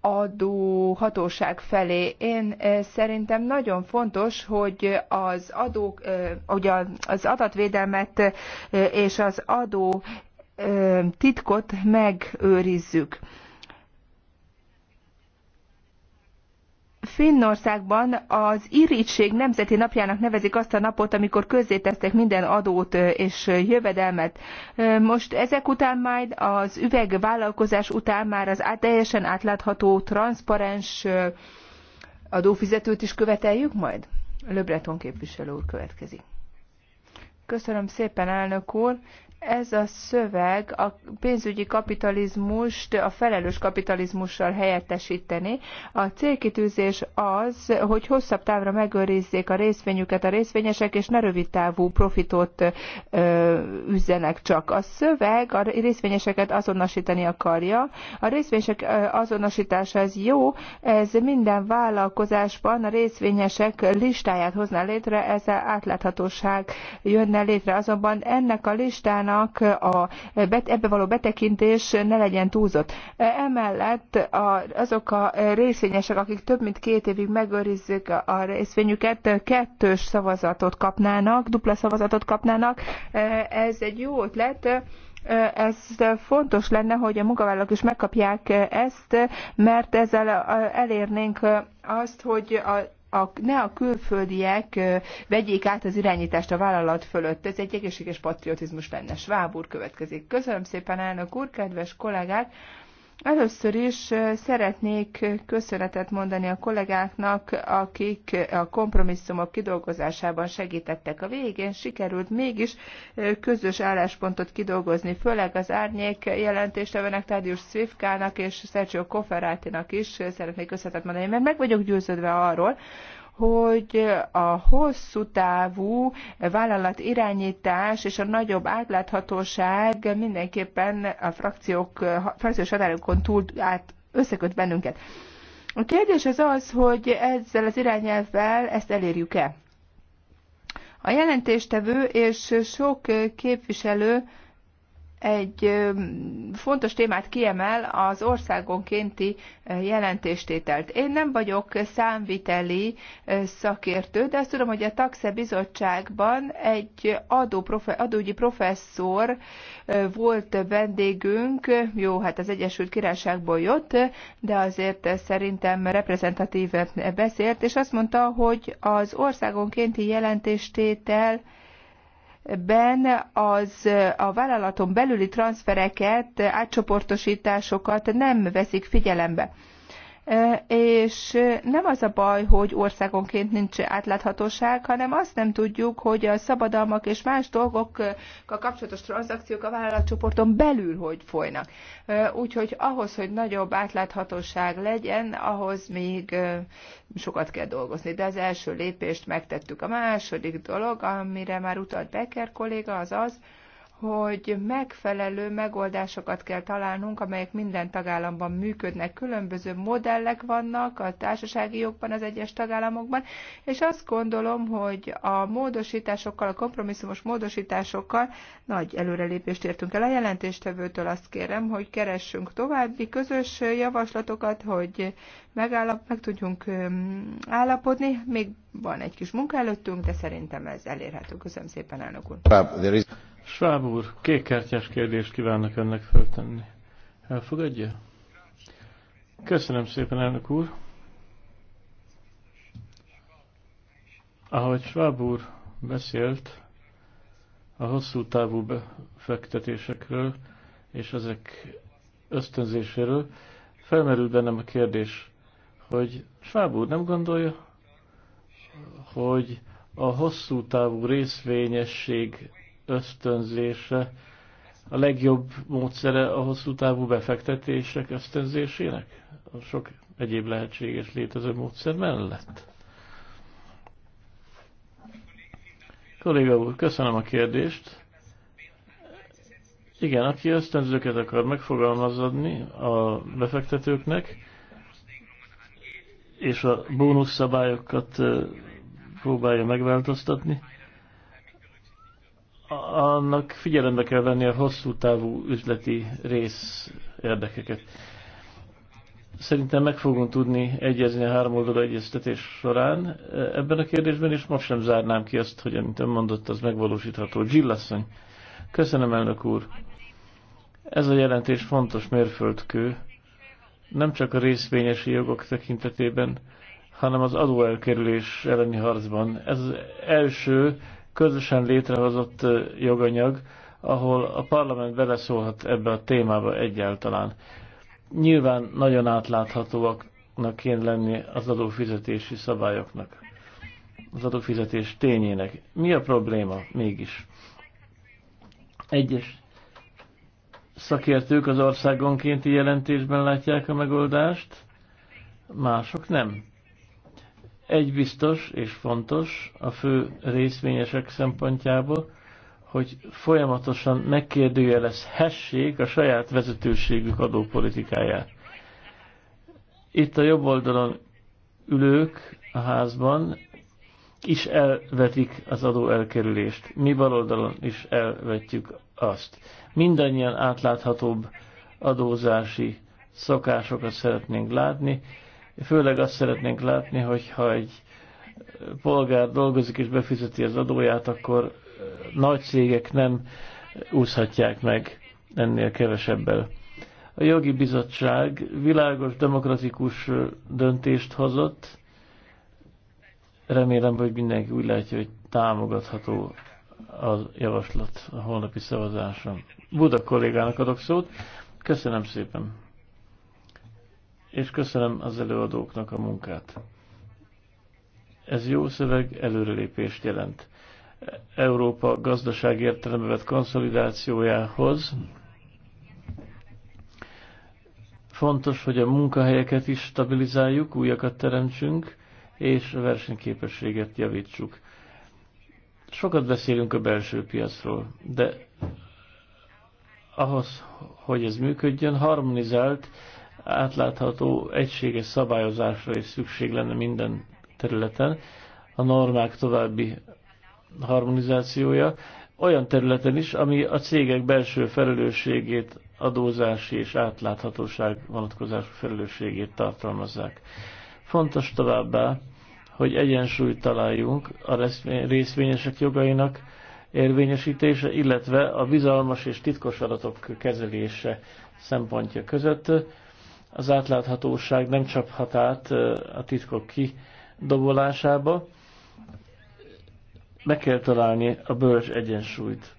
adó hatóság felé. Én szerintem nagyon fontos, hogy az adók, hogy az adatvédelmet és az adó titkot megőrizzük. Finnországban az irítség nemzeti napjának nevezik azt a napot, amikor közzétesztek minden adót és jövedelmet. Most ezek után majd az üvegvállalkozás után már az teljesen átlátható, transzparens adófizetőt is követeljük majd? Löbreton képviselő úr következik. Köszönöm szépen, elnök úr ez a szöveg a pénzügyi kapitalizmust a felelős kapitalizmussal helyettesíteni. A célkitűzés az, hogy hosszabb távra megőrizzék a részvényüket a részvényesek, és ne rövid távú profitot ö, üzzenek csak. A szöveg a részvényeseket azonosítani akarja. A részvényesek azonosítása ez jó, ez minden vállalkozásban a részvényesek listáját hozná létre, ezzel átláthatóság jönne létre. Azonban ennek a listán munkának a ebbe való betekintés ne legyen túlzott. Emellett azok a részvényesek, akik több mint két évig megőrizzük a részvényüket, kettős szavazatot kapnának, dupla szavazatot kapnának. Ez egy jó ötlet, ez fontos lenne, hogy a munkavállalók is megkapják ezt, mert ezzel elérnénk azt, hogy a a, ne a külföldiek vegyék át az irányítást a vállalat fölött. Ez egy egészséges patriotizmus lenne. Schwab úr következik. Köszönöm szépen, elnök úr, kedves kollégák! Először is szeretnék köszönetet mondani a kollégáknak, akik a kompromisszumok kidolgozásában segítettek. A végén sikerült mégis közös álláspontot kidolgozni, főleg az árnyék jelentéstevenek Tadius Szvifkának és Sergio Koferátinak is szeretnék köszönetet mondani, mert meg vagyok győződve arról, hogy a hosszú távú vállalat irányítás és a nagyobb átláthatóság mindenképpen a frakciók, frakciós határokon túl át összeköt bennünket. A kérdés az az, hogy ezzel az irányelvvel ezt elérjük-e? A jelentéstevő és sok képviselő egy fontos témát kiemel az országonkénti jelentéstételt. Én nem vagyok számviteli szakértő, de azt tudom, hogy a Taxe Bizottságban egy adó profe, adógyi professzor volt vendégünk, jó, hát az Egyesült Királyságból jött, de azért szerintem reprezentatív beszélt, és azt mondta, hogy az országonkénti jelentéstétel ben az a vállalaton belüli transzfereket, átcsoportosításokat nem veszik figyelembe és nem az a baj, hogy országonként nincs átláthatóság, hanem azt nem tudjuk, hogy a szabadalmak és más dolgokkal kapcsolatos tranzakciók a vállalatcsoporton belül hogy folynak. Úgyhogy ahhoz, hogy nagyobb átláthatóság legyen, ahhoz még sokat kell dolgozni. De az első lépést megtettük. A második dolog, amire már utalt Becker kolléga, az az, hogy megfelelő megoldásokat kell találnunk, amelyek minden tagállamban működnek. Különböző modellek vannak a társasági jogban az egyes tagállamokban, és azt gondolom, hogy a módosításokkal, a kompromisszumos módosításokkal nagy előrelépést értünk el. A jelentéstevőtől azt kérem, hogy keressünk további közös javaslatokat, hogy megállap, meg tudjunk állapodni. Még van egy kis munka előttünk, de szerintem ez elérhető. Köszönöm szépen, elnök úr. Uh, Sváb úr, kékkártyás kérdést kívánnak önnek föltenni. Elfogadja? Köszönöm szépen, elnök úr. Ahogy Sváb úr beszélt a hosszú távú befektetésekről és ezek ösztönzéséről, felmerül bennem a kérdés, hogy Sváb úr nem gondolja, hogy a hosszú távú részvényesség ösztönzése a legjobb módszere a hosszú távú befektetések ösztönzésének? A sok egyéb lehetséges létező módszer mellett. Kolléga úr, köszönöm a kérdést. Igen, aki ösztönzőket akar megfogalmazadni a befektetőknek, és a bónusz szabályokat próbálja megváltoztatni, annak figyelembe kell venni a hosszú távú üzleti rész érdekeket. Szerintem meg fogunk tudni egyezni a három oldalú egyeztetés során e, ebben a kérdésben, és most sem zárnám ki azt, hogy amit ön mondott, az megvalósítható. Gillasszony, köszönöm elnök úr. Ez a jelentés fontos mérföldkő, nem csak a részvényesi jogok tekintetében, hanem az adóelkerülés elleni harcban. Ez az első közösen létrehozott joganyag, ahol a parlament beleszólhat ebbe a témába egyáltalán. Nyilván nagyon átláthatóaknak kéne lenni az adófizetési szabályoknak, az adófizetés tényének. Mi a probléma mégis? Egyes szakértők az országonkénti jelentésben látják a megoldást, mások nem egy biztos és fontos a fő részvényesek szempontjából, hogy folyamatosan megkérdőjelezhessék a saját vezetőségük adópolitikáját. Itt a jobb oldalon ülők a házban is elvetik az adó elkerülést. Mi bal oldalon is elvetjük azt. Mindannyian átláthatóbb adózási szokásokat szeretnénk látni, Főleg azt szeretnénk látni, hogyha egy polgár dolgozik és befizeti az adóját, akkor nagy cégek nem úszhatják meg ennél kevesebbel. A jogi bizottság világos, demokratikus döntést hozott. Remélem, hogy mindenki úgy látja, hogy támogatható a javaslat a holnapi szavazáson. Buda kollégának adok szót. Köszönöm szépen! és köszönöm az előadóknak a munkát. Ez jó szöveg előrelépést jelent. Európa gazdaság értelembe vett konszolidációjához fontos, hogy a munkahelyeket is stabilizáljuk, újakat teremtsünk, és a versenyképességet javítsuk. Sokat beszélünk a belső piacról, de ahhoz, hogy ez működjön, harmonizált átlátható, egységes szabályozásra is szükség lenne minden területen, a normák további harmonizációja, olyan területen is, ami a cégek belső felelősségét, adózási és átláthatóság vonatkozású felelősségét tartalmazzák. Fontos továbbá, hogy egyensúlyt találjunk a részvényesek jogainak érvényesítése, illetve a bizalmas és titkos adatok kezelése szempontja között az átláthatóság nem csaphat át a titkok kidobolásába. Meg kell találni a bölcs egyensúlyt.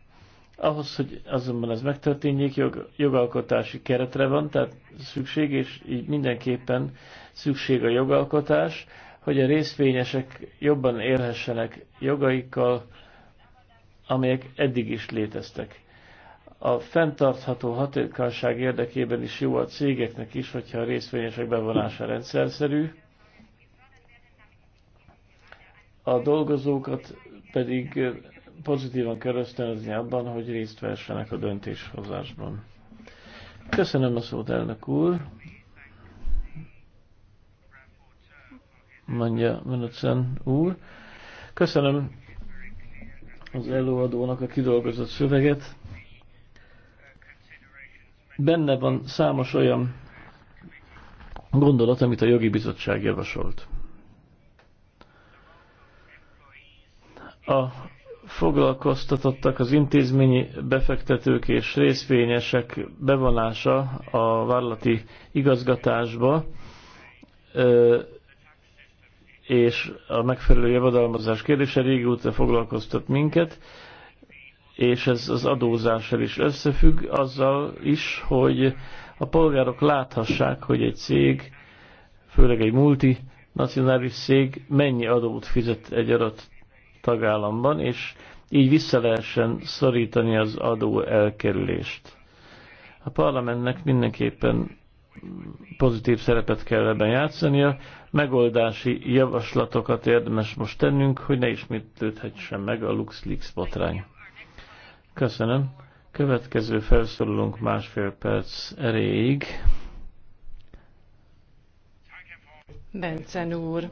Ahhoz, hogy azonban ez megtörténjék, jog, jogalkotási keretre van, tehát szükség, és így mindenképpen szükség a jogalkotás, hogy a részvényesek jobban élhessenek jogaikkal, amelyek eddig is léteztek a fenntartható hatékonyság érdekében is jó a cégeknek is, hogyha a részvényesek bevonása rendszerszerű, a dolgozókat pedig pozitívan kell ösztönözni abban, hogy részt vessenek a döntéshozásban. Köszönöm a szót, elnök úr! mondja Menocen úr. Köszönöm az előadónak a kidolgozott szöveget benne van számos olyan gondolat, amit a jogi bizottság javasolt. A foglalkoztatottak, az intézményi befektetők és részvényesek bevonása a vállalati igazgatásba és a megfelelő javadalmazás kérdése régóta foglalkoztat minket és ez az adózással is összefügg, azzal is, hogy a polgárok láthassák, hogy egy cég, főleg egy multi, cég mennyi adót fizet egy adott tagállamban, és így vissza lehessen szorítani az adó elkerülést. A parlamentnek mindenképpen pozitív szerepet kell ebben játszania, megoldási javaslatokat érdemes most tennünk, hogy ne ismétlődhessen meg a LuxLeaks botrány. Köszönöm. Következő felszólalunk másfél perc erejéig. Bencen úr,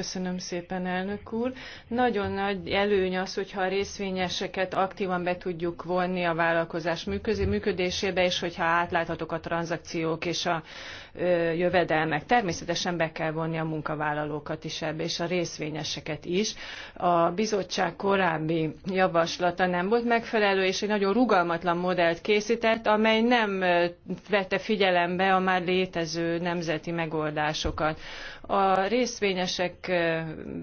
Köszönöm szépen, elnök úr. Nagyon nagy előny az, hogyha a részvényeseket aktívan be tudjuk vonni a vállalkozás működésébe, és hogyha átláthatók a tranzakciók és a jövedelmek. Természetesen be kell vonni a munkavállalókat is ebbe, és a részvényeseket is. A bizottság korábbi javaslata nem volt megfelelő, és egy nagyon rugalmatlan modellt készített, amely nem vette figyelembe a már létező nemzeti megoldásokat a részvényesek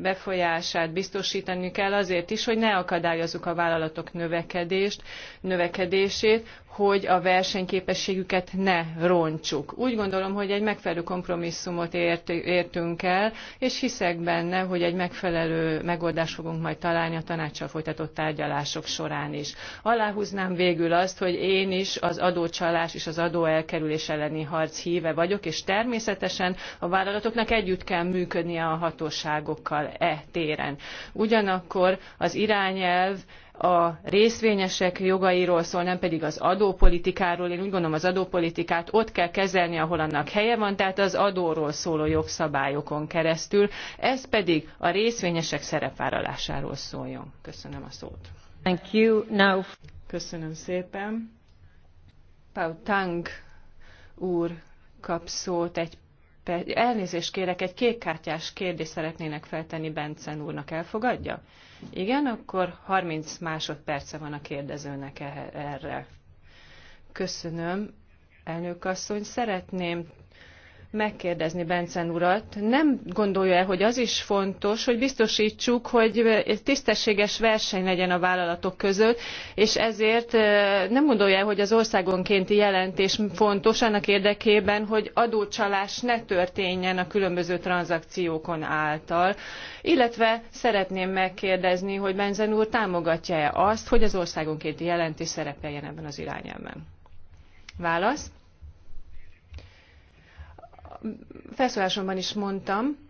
befolyását biztosítani kell azért is, hogy ne akadályozzuk a vállalatok növekedést, növekedését, hogy a versenyképességüket ne rontsuk. Úgy gondolom, hogy egy megfelelő kompromisszumot ért, értünk el, és hiszek benne, hogy egy megfelelő megoldást fogunk majd találni a tanácssal folytatott tárgyalások során is. Aláhúznám végül azt, hogy én is az adócsalás és az adóelkerülés elleni harc híve vagyok, és természetesen a vállalatoknak együtt kell működnie a hatóságokkal e téren. Ugyanakkor az irányelv a részvényesek jogairól szól, nem pedig az adópolitikáról. Én úgy gondolom az adópolitikát ott kell kezelni, ahol annak helye van, tehát az adóról szóló jogszabályokon keresztül. Ez pedig a részvényesek szerepvállalásáról szóljon. Köszönöm a szót. Thank you. Now... Köszönöm szépen. Pau Tang úr kap szót egy Elnézést kérek, egy kékkártyás kérdést szeretnének feltenni Bencen úrnak. Elfogadja? Igen, akkor 30 másodperce van a kérdezőnek e- erre. Köszönöm, elnök asszony. Szeretném megkérdezni Bencen urat. Nem gondolja-e, hogy az is fontos, hogy biztosítsuk, hogy tisztességes verseny legyen a vállalatok között, és ezért nem gondolja-e, hogy az országonkénti jelentés fontos annak érdekében, hogy adócsalás ne történjen a különböző tranzakciókon által. Illetve szeretném megkérdezni, hogy Bencen úr támogatja-e azt, hogy az országonkénti jelentés szerepeljen ebben az irányelben. Válasz? felszólásomban is mondtam,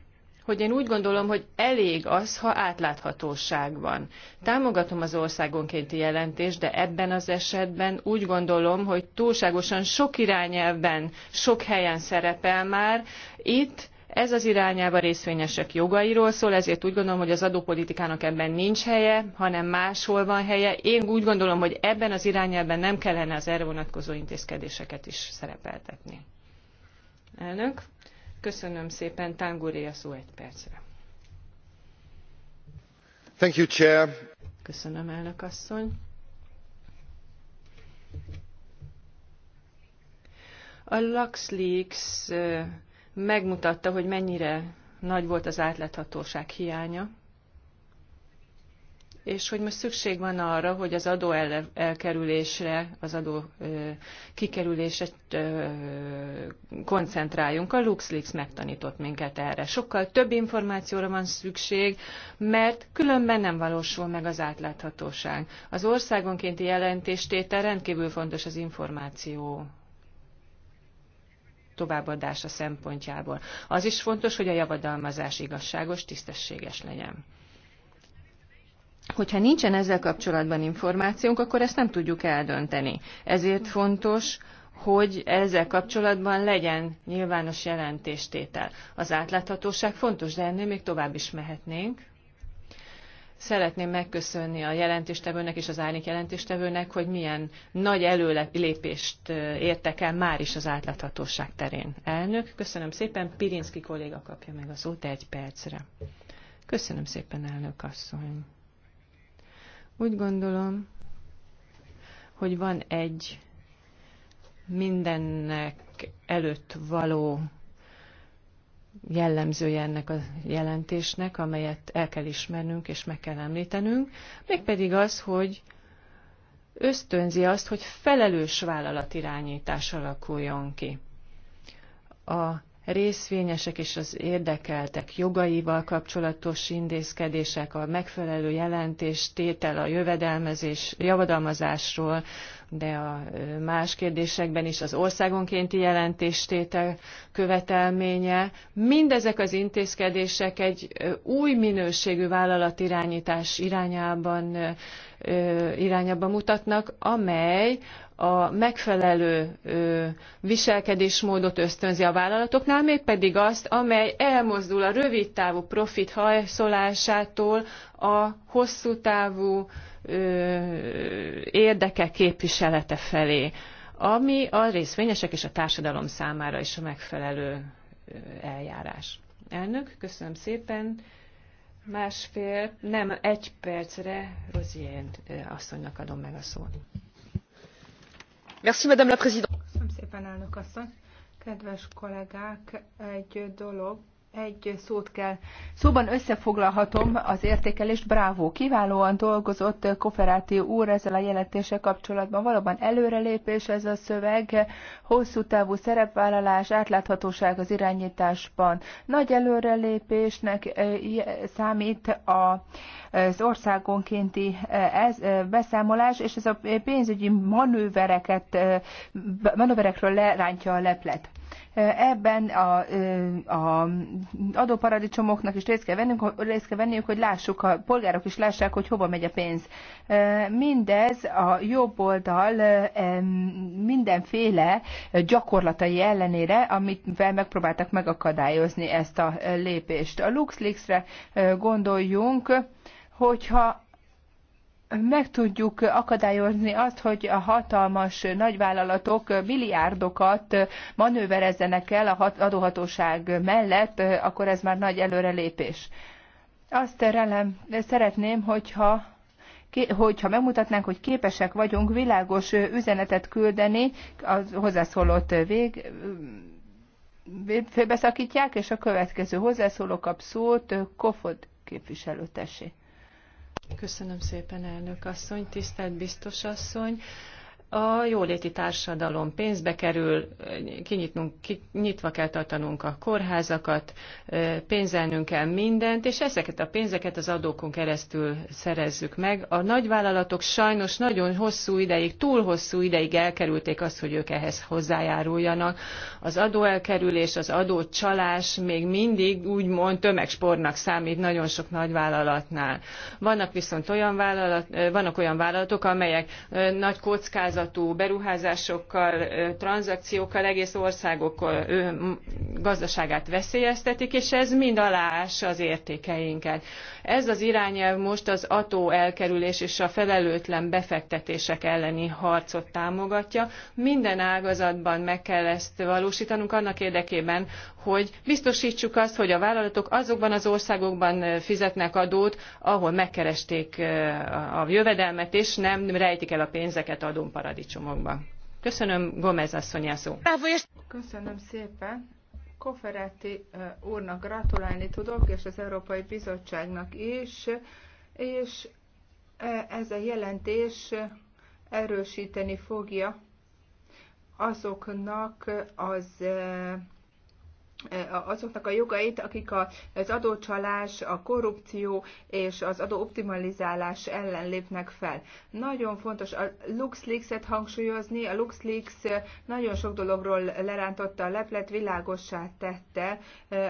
hogy én úgy gondolom, hogy elég az, ha átláthatóság van. Támogatom az országonkénti jelentést, de ebben az esetben úgy gondolom, hogy túlságosan sok irányelvben, sok helyen szerepel már. Itt ez az irányába részvényesek jogairól szól, ezért úgy gondolom, hogy az adópolitikának ebben nincs helye, hanem máshol van helye. Én úgy gondolom, hogy ebben az irányelben nem kellene az erre vonatkozó intézkedéseket is szerepeltetni. Elnök, köszönöm szépen, Tángúré a szó egy percre. Thank you, Chair. Köszönöm, elnök asszony. A LuxLeaks megmutatta, hogy mennyire nagy volt az átláthatóság hiánya és hogy most szükség van arra, hogy az adó elkerülésre, az adó kikerülésre koncentráljunk. A LuxLeaks megtanított minket erre. Sokkal több információra van szükség, mert különben nem valósul meg az átláthatóság. Az országonkénti jelentéstétel rendkívül fontos az információ továbbadása szempontjából. Az is fontos, hogy a javadalmazás igazságos, tisztességes legyen hogyha nincsen ezzel kapcsolatban információnk, akkor ezt nem tudjuk eldönteni. Ezért fontos, hogy ezzel kapcsolatban legyen nyilvános jelentéstétel. Az átláthatóság fontos, de ennél még tovább is mehetnénk. Szeretném megköszönni a jelentéstevőnek és az árnyék jelentéstevőnek, hogy milyen nagy előlépést értek el már is az átláthatóság terén. Elnök, köszönöm szépen, Pirinszki kolléga kapja meg a szót egy percre. Köszönöm szépen, elnök asszony. Úgy gondolom, hogy van egy mindennek előtt való jellemzője ennek a jelentésnek, amelyet el kell ismernünk és meg kell említenünk, mégpedig az, hogy ösztönzi azt, hogy felelős vállalatirányítás alakuljon ki. A részvényesek és az érdekeltek jogaival kapcsolatos intézkedések, a megfelelő jelentés, tétel a jövedelmezés, javadalmazásról, de a más kérdésekben is az országonkénti jelentéstétel követelménye. Mindezek az intézkedések egy új minőségű vállalatirányítás irányában, irányába mutatnak, amely a megfelelő viselkedésmódot ösztönzi a vállalatoknál, mégpedig azt, amely elmozdul a rövidtávú profit hajszolásától a hosszú távú érdeke képviselete felé, ami a részvényesek és a társadalom számára is a megfelelő eljárás. Elnök, köszönöm szépen. Másfél, nem, egy percre Rozient asszonynak adom meg a szót. Merci, Madame la Présidente. Köszönöm szépen, elnök asszony. Kedves kollégák, egy dolog, egy szót kell. Szóban összefoglalhatom az értékelést. Bravo! Kiválóan dolgozott Koferáti úr ezzel a jelentéssel kapcsolatban. Valóban előrelépés ez a szöveg, hosszú távú szerepvállalás, átláthatóság az irányításban. Nagy előrelépésnek számít az országonkénti beszámolás, és ez a pénzügyi manővereket, manőverekről lerántja a leplet. Ebben a, adóparadicsomoknak is részt kell, vennünk, részt kell venniük, hogy lássuk, a polgárok is lássák, hogy hova megy a pénz. Mindez a jobb oldal mindenféle gyakorlatai ellenére, amivel megpróbáltak megakadályozni ezt a lépést. A LuxLeaks-re gondoljunk, hogyha meg tudjuk akadályozni azt, hogy a hatalmas nagyvállalatok milliárdokat manőverezzenek el a adóhatóság mellett, akkor ez már nagy előrelépés. Azt terelem, szeretném, hogyha hogyha megmutatnánk, hogy képesek vagyunk világos üzenetet küldeni, az hozzászólott vég, félbeszakítják, és a következő hozzászóló kap szót, Kofod képviselőtessé. tessék. Köszönöm szépen, elnök asszony, tisztelt biztos asszony a jóléti társadalom pénzbe kerül, kinyitnunk, nyitva kell tartanunk a kórházakat, pénzelnünk kell mindent, és ezeket a pénzeket az adókon keresztül szerezzük meg. A nagyvállalatok sajnos nagyon hosszú ideig, túl hosszú ideig elkerülték azt, hogy ők ehhez hozzájáruljanak. Az adóelkerülés, az adócsalás még mindig úgymond tömegspornak számít nagyon sok nagyvállalatnál. Vannak viszont olyan vállalat, vannak olyan vállalatok, amelyek nagy kockázat kockázatú beruházásokkal, tranzakciókkal egész országok gazdaságát veszélyeztetik, és ez mind aláássa az értékeinket. Ez az irányelv most az ató elkerülés és a felelőtlen befektetések elleni harcot támogatja. Minden ágazatban meg kell ezt valósítanunk annak érdekében, hogy biztosítsuk azt, hogy a vállalatok azokban az országokban fizetnek adót, ahol megkeresték a jövedelmet, és nem rejtik el a pénzeket adónparadicsomokban paradicsomokba. Köszönöm, Gomez asszony a szó. Köszönöm szépen. Koferetti úrnak gratulálni tudok, és az Európai Bizottságnak is, és ez a jelentés erősíteni fogja azoknak az azoknak a jogait, akik az adócsalás, a korrupció és az adóoptimalizálás ellen lépnek fel. Nagyon fontos a LuxLeaks-et hangsúlyozni. A LuxLeaks nagyon sok dologról lerántotta a leplet, világossá tette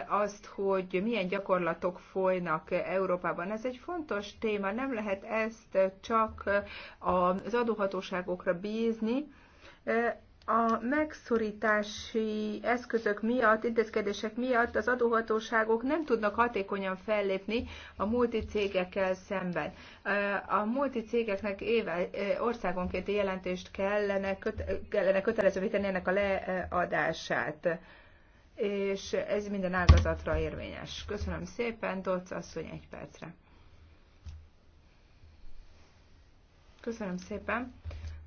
azt, hogy milyen gyakorlatok folynak Európában. Ez egy fontos téma, nem lehet ezt csak az adóhatóságokra bízni, a megszorítási eszközök miatt, intézkedések miatt az adóhatóságok nem tudnak hatékonyan fellépni a multicégekkel szemben. A multicégeknek éve, országonkénti jelentést kellene, köte, kellene kötelezővé tenni ennek a leadását és ez minden ágazatra érvényes. Köszönöm szépen, Dolc asszony egy percre. Köszönöm szépen.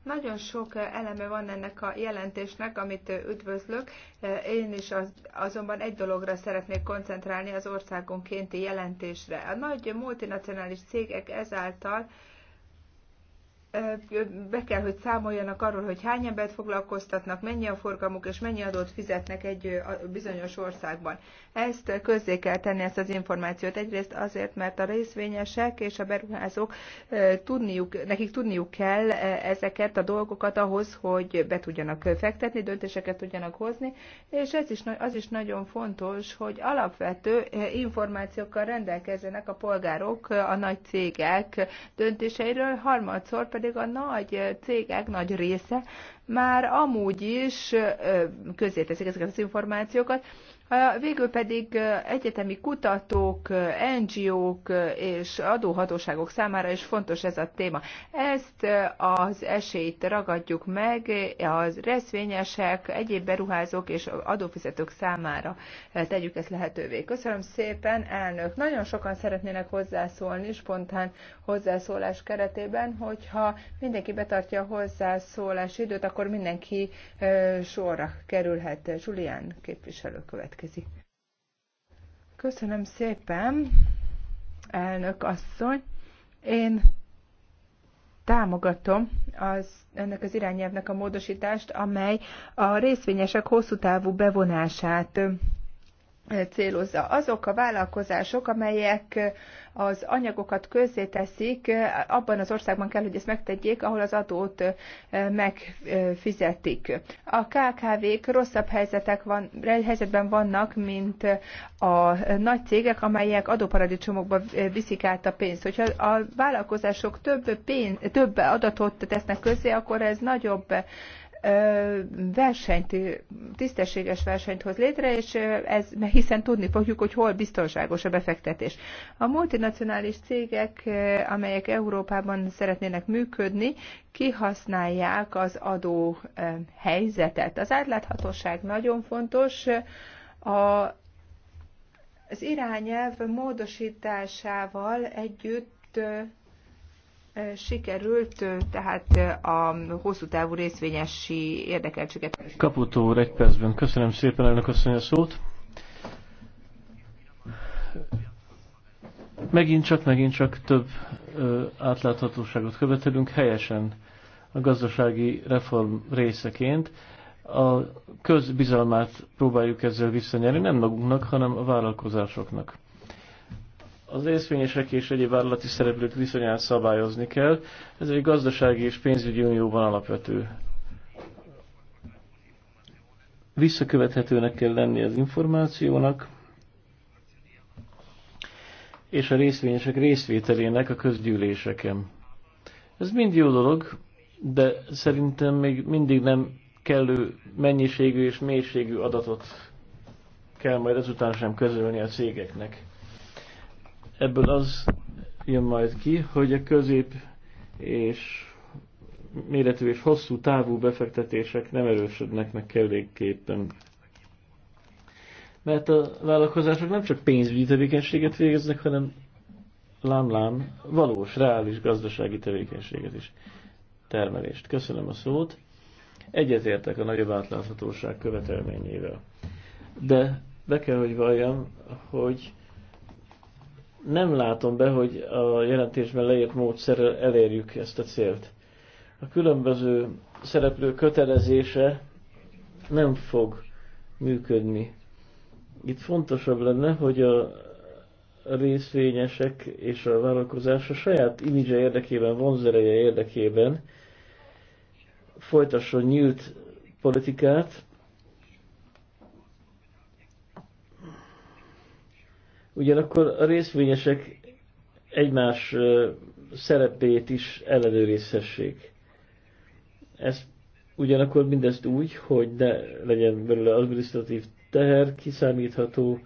Nagyon sok eleme van ennek a jelentésnek, amit üdvözlök. Én is az, azonban egy dologra szeretnék koncentrálni az országonkénti jelentésre. A nagy multinacionális cégek ezáltal be kell, hogy számoljanak arról, hogy hány embert foglalkoztatnak, mennyi a forgalmuk és mennyi adót fizetnek egy bizonyos országban. Ezt közzé kell tenni, ezt az információt. Egyrészt azért, mert a részvényesek és a beruházók tudniuk, nekik tudniuk kell ezeket a dolgokat ahhoz, hogy be tudjanak fektetni, döntéseket tudjanak hozni, és ez is, az is nagyon fontos, hogy alapvető információkkal rendelkezzenek a polgárok a nagy cégek döntéseiről, harmadszor pedig pedig a nagy cégek nagy része már amúgy is közzéteszik ezeket az információkat, Végül pedig egyetemi kutatók, NGO-k és adóhatóságok számára is fontos ez a téma. Ezt az esélyt ragadjuk meg az reszvényesek, egyéb beruházók és adófizetők számára tegyük ezt lehetővé. Köszönöm szépen, elnök. Nagyon sokan szeretnének hozzászólni, spontán hozzászólás keretében, hogyha mindenki betartja a hozzászólás időt, akkor mindenki sorra kerülhet. Julián képviselő következik következik. Köszönöm szépen, elnök asszony. Én támogatom az, ennek az irányelvnek a módosítást, amely a részvényesek hosszú távú bevonását célozza. Azok a vállalkozások, amelyek az anyagokat közzéteszik, abban az országban kell, hogy ezt megtegyék, ahol az adót megfizetik. A KKV-k rosszabb helyzetek van, helyzetben vannak, mint a nagy cégek, amelyek adóparadicsomokba viszik át a pénzt. Hogyha a vállalkozások több, pénz, több adatot tesznek közzé, akkor ez nagyobb versenyt, tisztességes versenyt hoz létre, és ez, hiszen tudni fogjuk, hogy hol biztonságos a befektetés. A multinacionális cégek, amelyek Európában szeretnének működni, kihasználják az adó helyzetet. Az átláthatóság nagyon fontos. A, az irányelv módosításával együtt sikerült tehát a hosszú távú részvényesi érdekeltséget. Kaputó úr, egy percben. Köszönöm szépen, elnök asszony a szót. Megint csak, megint csak több ö, átláthatóságot követelünk helyesen a gazdasági reform részeként. A közbizalmát próbáljuk ezzel visszanyerni, nem magunknak, hanem a vállalkozásoknak az részvényesek és egyéb vállalati szereplők viszonyát szabályozni kell. Ez egy gazdasági és pénzügyi unióban alapvető. Visszakövethetőnek kell lenni az információnak, és a részvényesek részvételének a közgyűléseken. Ez mind jó dolog, de szerintem még mindig nem kellő mennyiségű és mélységű adatot kell majd ezután sem közölni a cégeknek. Ebből az jön majd ki, hogy a közép és méretű és hosszú távú befektetések nem erősödnek meg kellékképpen. Mert a vállalkozások nem csak pénzügyi tevékenységet végeznek, hanem lámlám valós, reális gazdasági tevékenységet is termelést. Köszönöm a szót. Egyetértek a nagyobb átláthatóság követelményével. De be kell, hogy valljam, hogy nem látom be, hogy a jelentésben leírt módszerrel elérjük ezt a célt. A különböző szereplő kötelezése nem fog működni. Itt fontosabb lenne, hogy a részvényesek és a vállalkozás a saját imidzse érdekében, vonzereje érdekében folytasson nyílt politikát, Ugyanakkor a részvényesek egymás szerepét is ellenőrizhessék. Ez ugyanakkor mindezt úgy, hogy ne legyen belőle administratív teher, kiszámítható,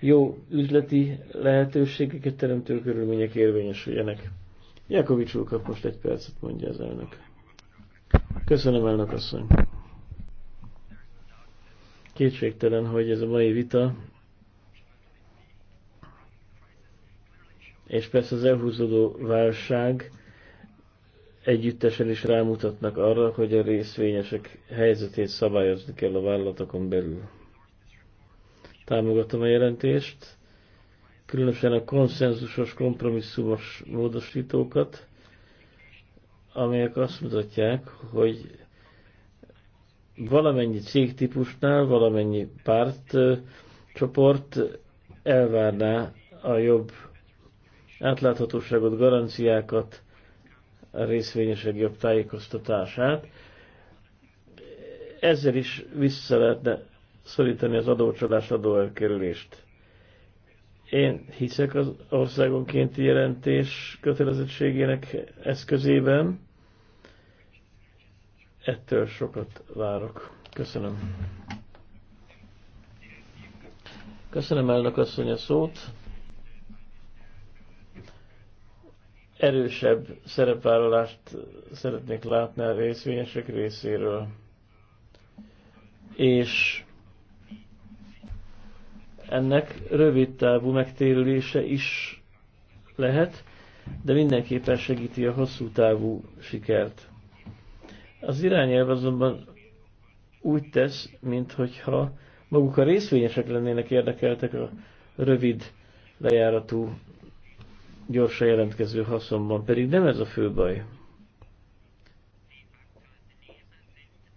jó üzleti lehetőségeket teremtő körülmények érvényesüljenek. Jakovics úr kap most egy percet, mondja az elnök. Köszönöm, elnök asszony. Kétségtelen, hogy ez a mai vita és persze az elhúzódó válság együttesen is rámutatnak arra, hogy a részvényesek helyzetét szabályozni kell a vállalatokon belül. Támogatom a jelentést, különösen a konszenzusos, kompromisszumos módosítókat, amelyek azt mutatják, hogy valamennyi cégtípusnál, valamennyi párt, csoport elvárná a jobb átláthatóságot, garanciákat, a részvényesek jobb tájékoztatását. Ezzel is vissza lehetne szorítani az adócsalás adóelkerülést. Én hiszek az országonkénti jelentés kötelezettségének eszközében. Ettől sokat várok. Köszönöm. Köszönöm elnök asszony a szót. erősebb szerepvállalást szeretnék látni a részvényesek részéről. És ennek rövid távú megtérülése is lehet, de mindenképpen segíti a hosszú távú sikert. Az irányelv azonban úgy tesz, mintha maguk a részvényesek lennének érdekeltek a rövid lejáratú gyorsan jelentkező haszonban, pedig nem ez a fő baj.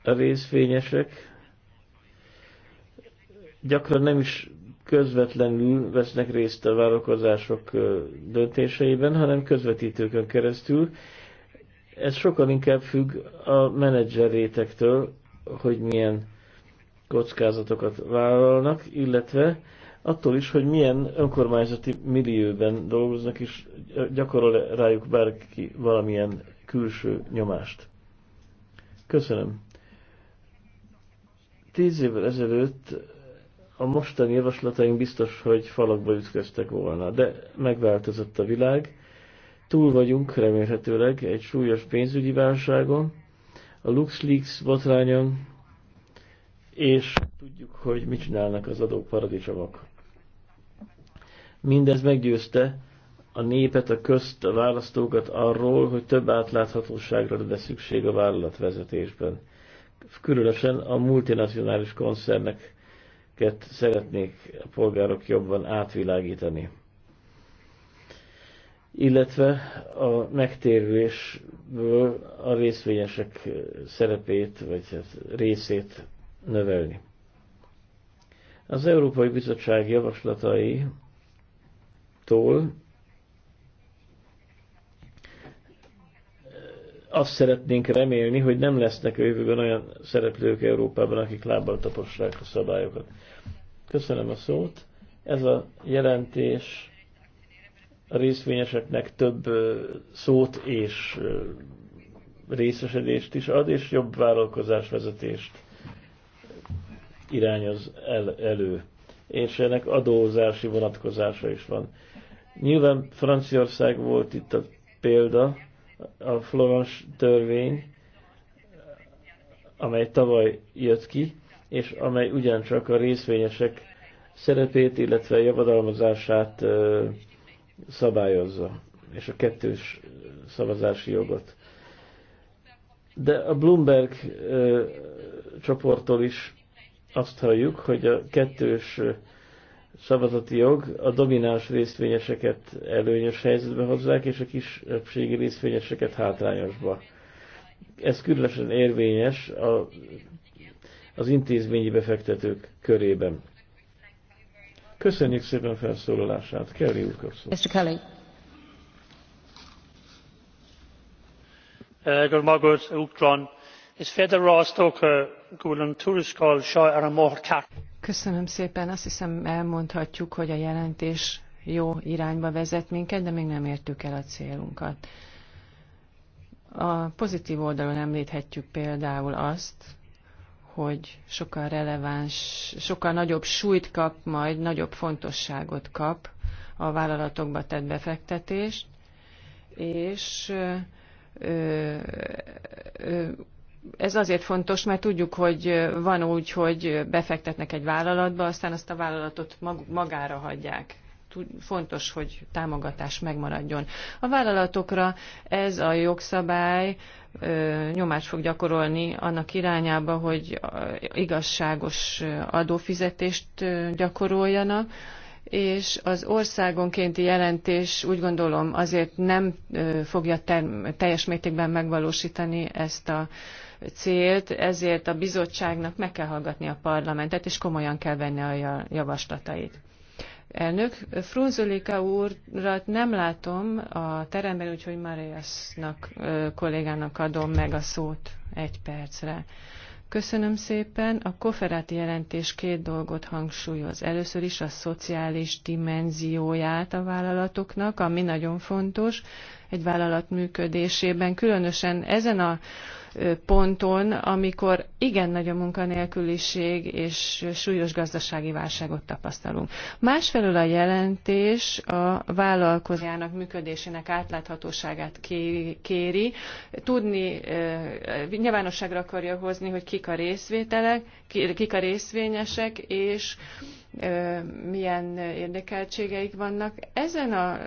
A részfényesek gyakran nem is közvetlenül vesznek részt a vállalkozások döntéseiben, hanem közvetítőkön keresztül. Ez sokkal inkább függ a menedzserétektől, hogy milyen kockázatokat vállalnak, illetve attól is, hogy milyen önkormányzati millióben dolgoznak, és gyakorol rájuk bárki valamilyen külső nyomást. Köszönöm. Tíz évvel ezelőtt a mostani javaslataink biztos, hogy falakba ütköztek volna, de megváltozott a világ. Túl vagyunk remélhetőleg egy súlyos pénzügyi válságon, a LuxLeaks botrányon, és tudjuk, hogy mit csinálnak az adóparadicsomok. Mindez meggyőzte a népet, a közt, a választókat arról, hogy több átláthatóságra lesz szükség a vállalatvezetésben. Különösen a multinacionális koncernek szeretnék a polgárok jobban átvilágítani. Illetve a megtérülésből a részvényesek szerepét, vagy hát részét növelni. Az Európai Bizottság javaslatai tól azt szeretnénk remélni, hogy nem lesznek a jövőben olyan szereplők Európában, akik lábbal tapossák a szabályokat. Köszönöm a szót. Ez a jelentés a részvényeseknek több szót és részesedést is ad, és jobb vállalkozásvezetést irányoz el, elő. És ennek adózási vonatkozása is van. Nyilván Franciaország volt itt a példa, a Florence törvény, amely tavaly jött ki, és amely ugyancsak a részvényesek szerepét, illetve javadalmazását szabályozza, és a kettős szavazási jogot. De a Bloomberg csoporttól is azt halljuk, hogy a kettős szavazati jog a domináns részvényeseket előnyös helyzetbe hozzák, és a kisebbségi részvényeseket hátrányosba. Ez különösen érvényes a, az intézményi befektetők körében. Köszönjük szépen felszólalását. Kelly úr kapszol. Mr. Kelly. Eh, Margaret Uchtron. Is féidir rá tóca gúlann tuairiscáil seo ar an Köszönöm szépen. Azt hiszem elmondhatjuk, hogy a jelentés jó irányba vezet minket, de még nem értük el a célunkat. A pozitív oldalon említhetjük például azt, hogy sokkal releváns, sokkal nagyobb súlyt kap majd, nagyobb fontosságot kap a vállalatokba tett befektetés, és ö, ö, ö, ez azért fontos, mert tudjuk, hogy van úgy, hogy befektetnek egy vállalatba, aztán azt a vállalatot mag, magára hagyják. Fontos, hogy támogatás megmaradjon. A vállalatokra ez a jogszabály nyomást fog gyakorolni annak irányába, hogy igazságos adófizetést gyakoroljanak, és az országonkénti jelentés úgy gondolom azért nem fogja teljes mértékben megvalósítani ezt a célt, ezért a bizottságnak meg kell hallgatni a parlamentet, és komolyan kell venni a javaslatait. Elnök, Frunzulika úrat nem látom a teremben, úgyhogy Mariasnak kollégának adom meg a szót egy percre. Köszönöm szépen. A koferáti jelentés két dolgot hangsúlyoz. Először is a szociális dimenzióját a vállalatoknak, ami nagyon fontos egy vállalat működésében. Különösen ezen a ponton, amikor igen nagy a munkanélküliség és súlyos gazdasági válságot tapasztalunk. Másfelől a jelentés a vállalkozójának működésének átláthatóságát kéri. Tudni, eh, nyilvánosságra akarja hozni, hogy kik a részvételek, kik a részvényesek, és milyen érdekeltségeik vannak. Ezen a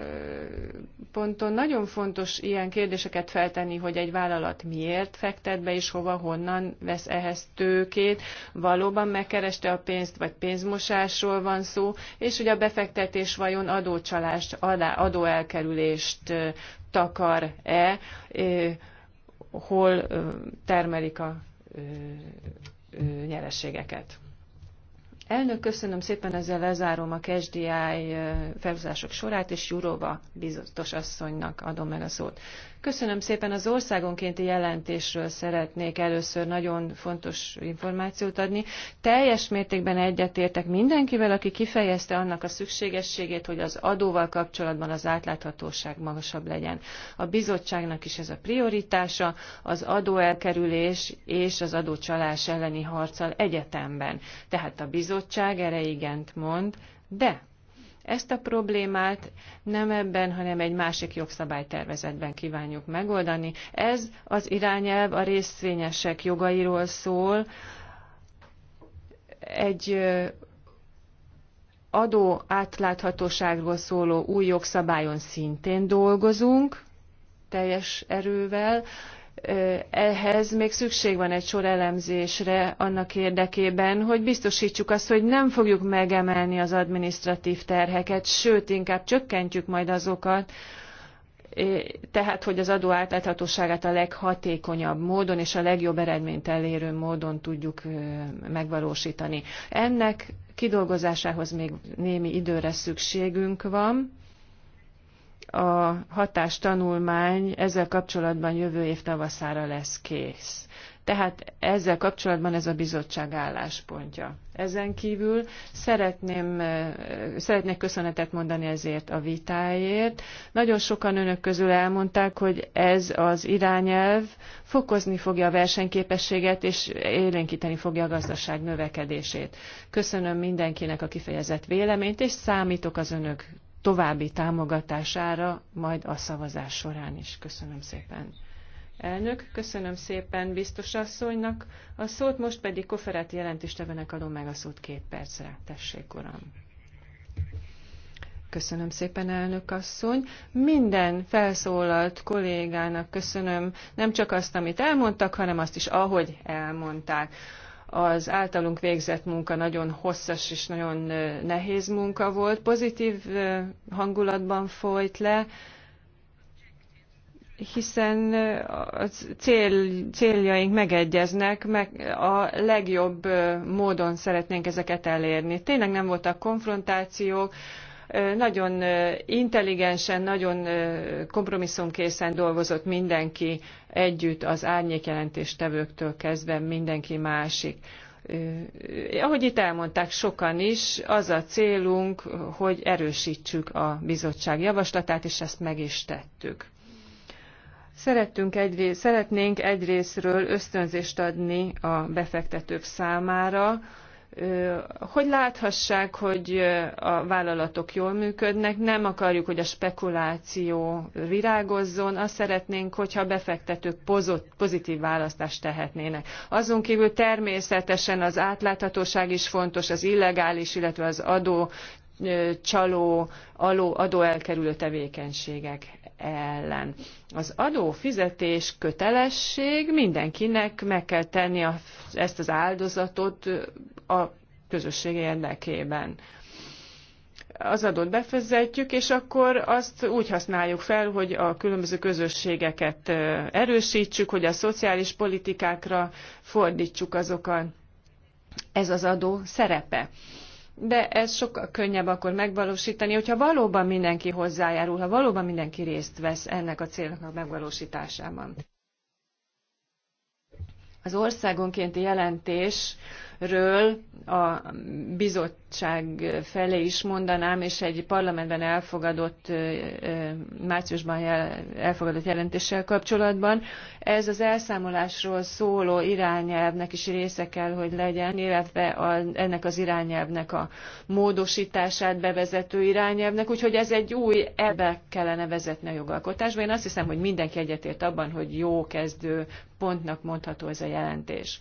ponton nagyon fontos ilyen kérdéseket feltenni, hogy egy vállalat miért fektet be, és hova, honnan vesz ehhez tőkét, valóban megkereste a pénzt, vagy pénzmosásról van szó, és hogy a befektetés vajon adócsalást, adóelkerülést takar-e, hol termelik a nyerességeket. Elnök, köszönöm szépen, ezzel lezárom a KSDI felhúzások sorát, és Jurova biztos asszonynak adom meg a szót. Köszönöm szépen, az országonkénti jelentésről szeretnék először nagyon fontos információt adni. Teljes mértékben egyetértek mindenkivel, aki kifejezte annak a szükségességét, hogy az adóval kapcsolatban az átláthatóság magasabb legyen. A bizottságnak is ez a prioritása, az adóelkerülés és az adócsalás elleni harccal egyetemben. Tehát a bizottság bizottság erre igent mond, de ezt a problémát nem ebben, hanem egy másik jogszabálytervezetben kívánjuk megoldani. Ez az irányelv a részvényesek jogairól szól. Egy adó átláthatóságról szóló új jogszabályon szintén dolgozunk teljes erővel, ehhez még szükség van egy sor elemzésre annak érdekében, hogy biztosítsuk azt, hogy nem fogjuk megemelni az administratív terheket, sőt, inkább csökkentjük majd azokat, tehát, hogy az adó átláthatóságát a leghatékonyabb módon és a legjobb eredményt elérő módon tudjuk megvalósítani. Ennek kidolgozásához még némi időre szükségünk van a hatástanulmány ezzel kapcsolatban jövő év tavaszára lesz kész. Tehát ezzel kapcsolatban ez a bizottság álláspontja. Ezen kívül szeretném, eh, szeretnék köszönetet mondani ezért a vitáért. Nagyon sokan önök közül elmondták, hogy ez az irányelv fokozni fogja a versenyképességet és élénkíteni fogja a gazdaság növekedését. Köszönöm mindenkinek a kifejezett véleményt, és számítok az önök további támogatására majd a szavazás során is. Köszönöm szépen. Elnök, köszönöm szépen biztos asszonynak. A szót most pedig Koferáti jelentéstevenek adom meg a szót két percre. Tessék, uram. Köszönöm szépen, elnök asszony. Minden felszólalt kollégának köszönöm nem csak azt, amit elmondtak, hanem azt is, ahogy elmondták az általunk végzett munka nagyon hosszas és nagyon nehéz munka volt. Pozitív hangulatban folyt le, hiszen a cél, céljaink megegyeznek, meg a legjobb módon szeretnénk ezeket elérni. Tényleg nem voltak konfrontációk, nagyon intelligensen, nagyon kompromisszumkészen dolgozott mindenki együtt, az tevőktől kezdve mindenki másik ahogy itt elmondták sokan is, az a célunk, hogy erősítsük a bizottság javaslatát, és ezt meg is tettük. Szerettünk egyrészt, szeretnénk egyrésztről ösztönzést adni a befektetők számára, hogy láthassák, hogy a vállalatok jól működnek, nem akarjuk, hogy a spekuláció virágozzon, azt szeretnénk, hogyha a befektetők pozitív választást tehetnének. Azon kívül természetesen az átláthatóság is fontos, az illegális, illetve az adó csaló, aló, adóelkerülő tevékenységek ellen. Az adófizetés kötelesség mindenkinek meg kell tenni a, ezt az áldozatot a közösség érdekében az adót befezetjük, és akkor azt úgy használjuk fel, hogy a különböző közösségeket erősítsük, hogy a szociális politikákra fordítsuk azokat. Ez az adó szerepe. De ez sokkal könnyebb akkor megvalósítani, hogyha valóban mindenki hozzájárul, ha valóban mindenki részt vesz ennek a célnak a megvalósításában. Az országonkénti jelentés ről a bizottság felé is mondanám, és egy parlamentben elfogadott, márciusban elfogadott jelentéssel kapcsolatban. Ez az elszámolásról szóló irányelvnek is része kell, hogy legyen, illetve a, ennek az irányelvnek a módosítását bevezető irányelvnek, úgyhogy ez egy új ebbe kellene vezetni a jogalkotásba. Én azt hiszem, hogy mindenki egyetért abban, hogy jó kezdő pontnak mondható ez a jelentés.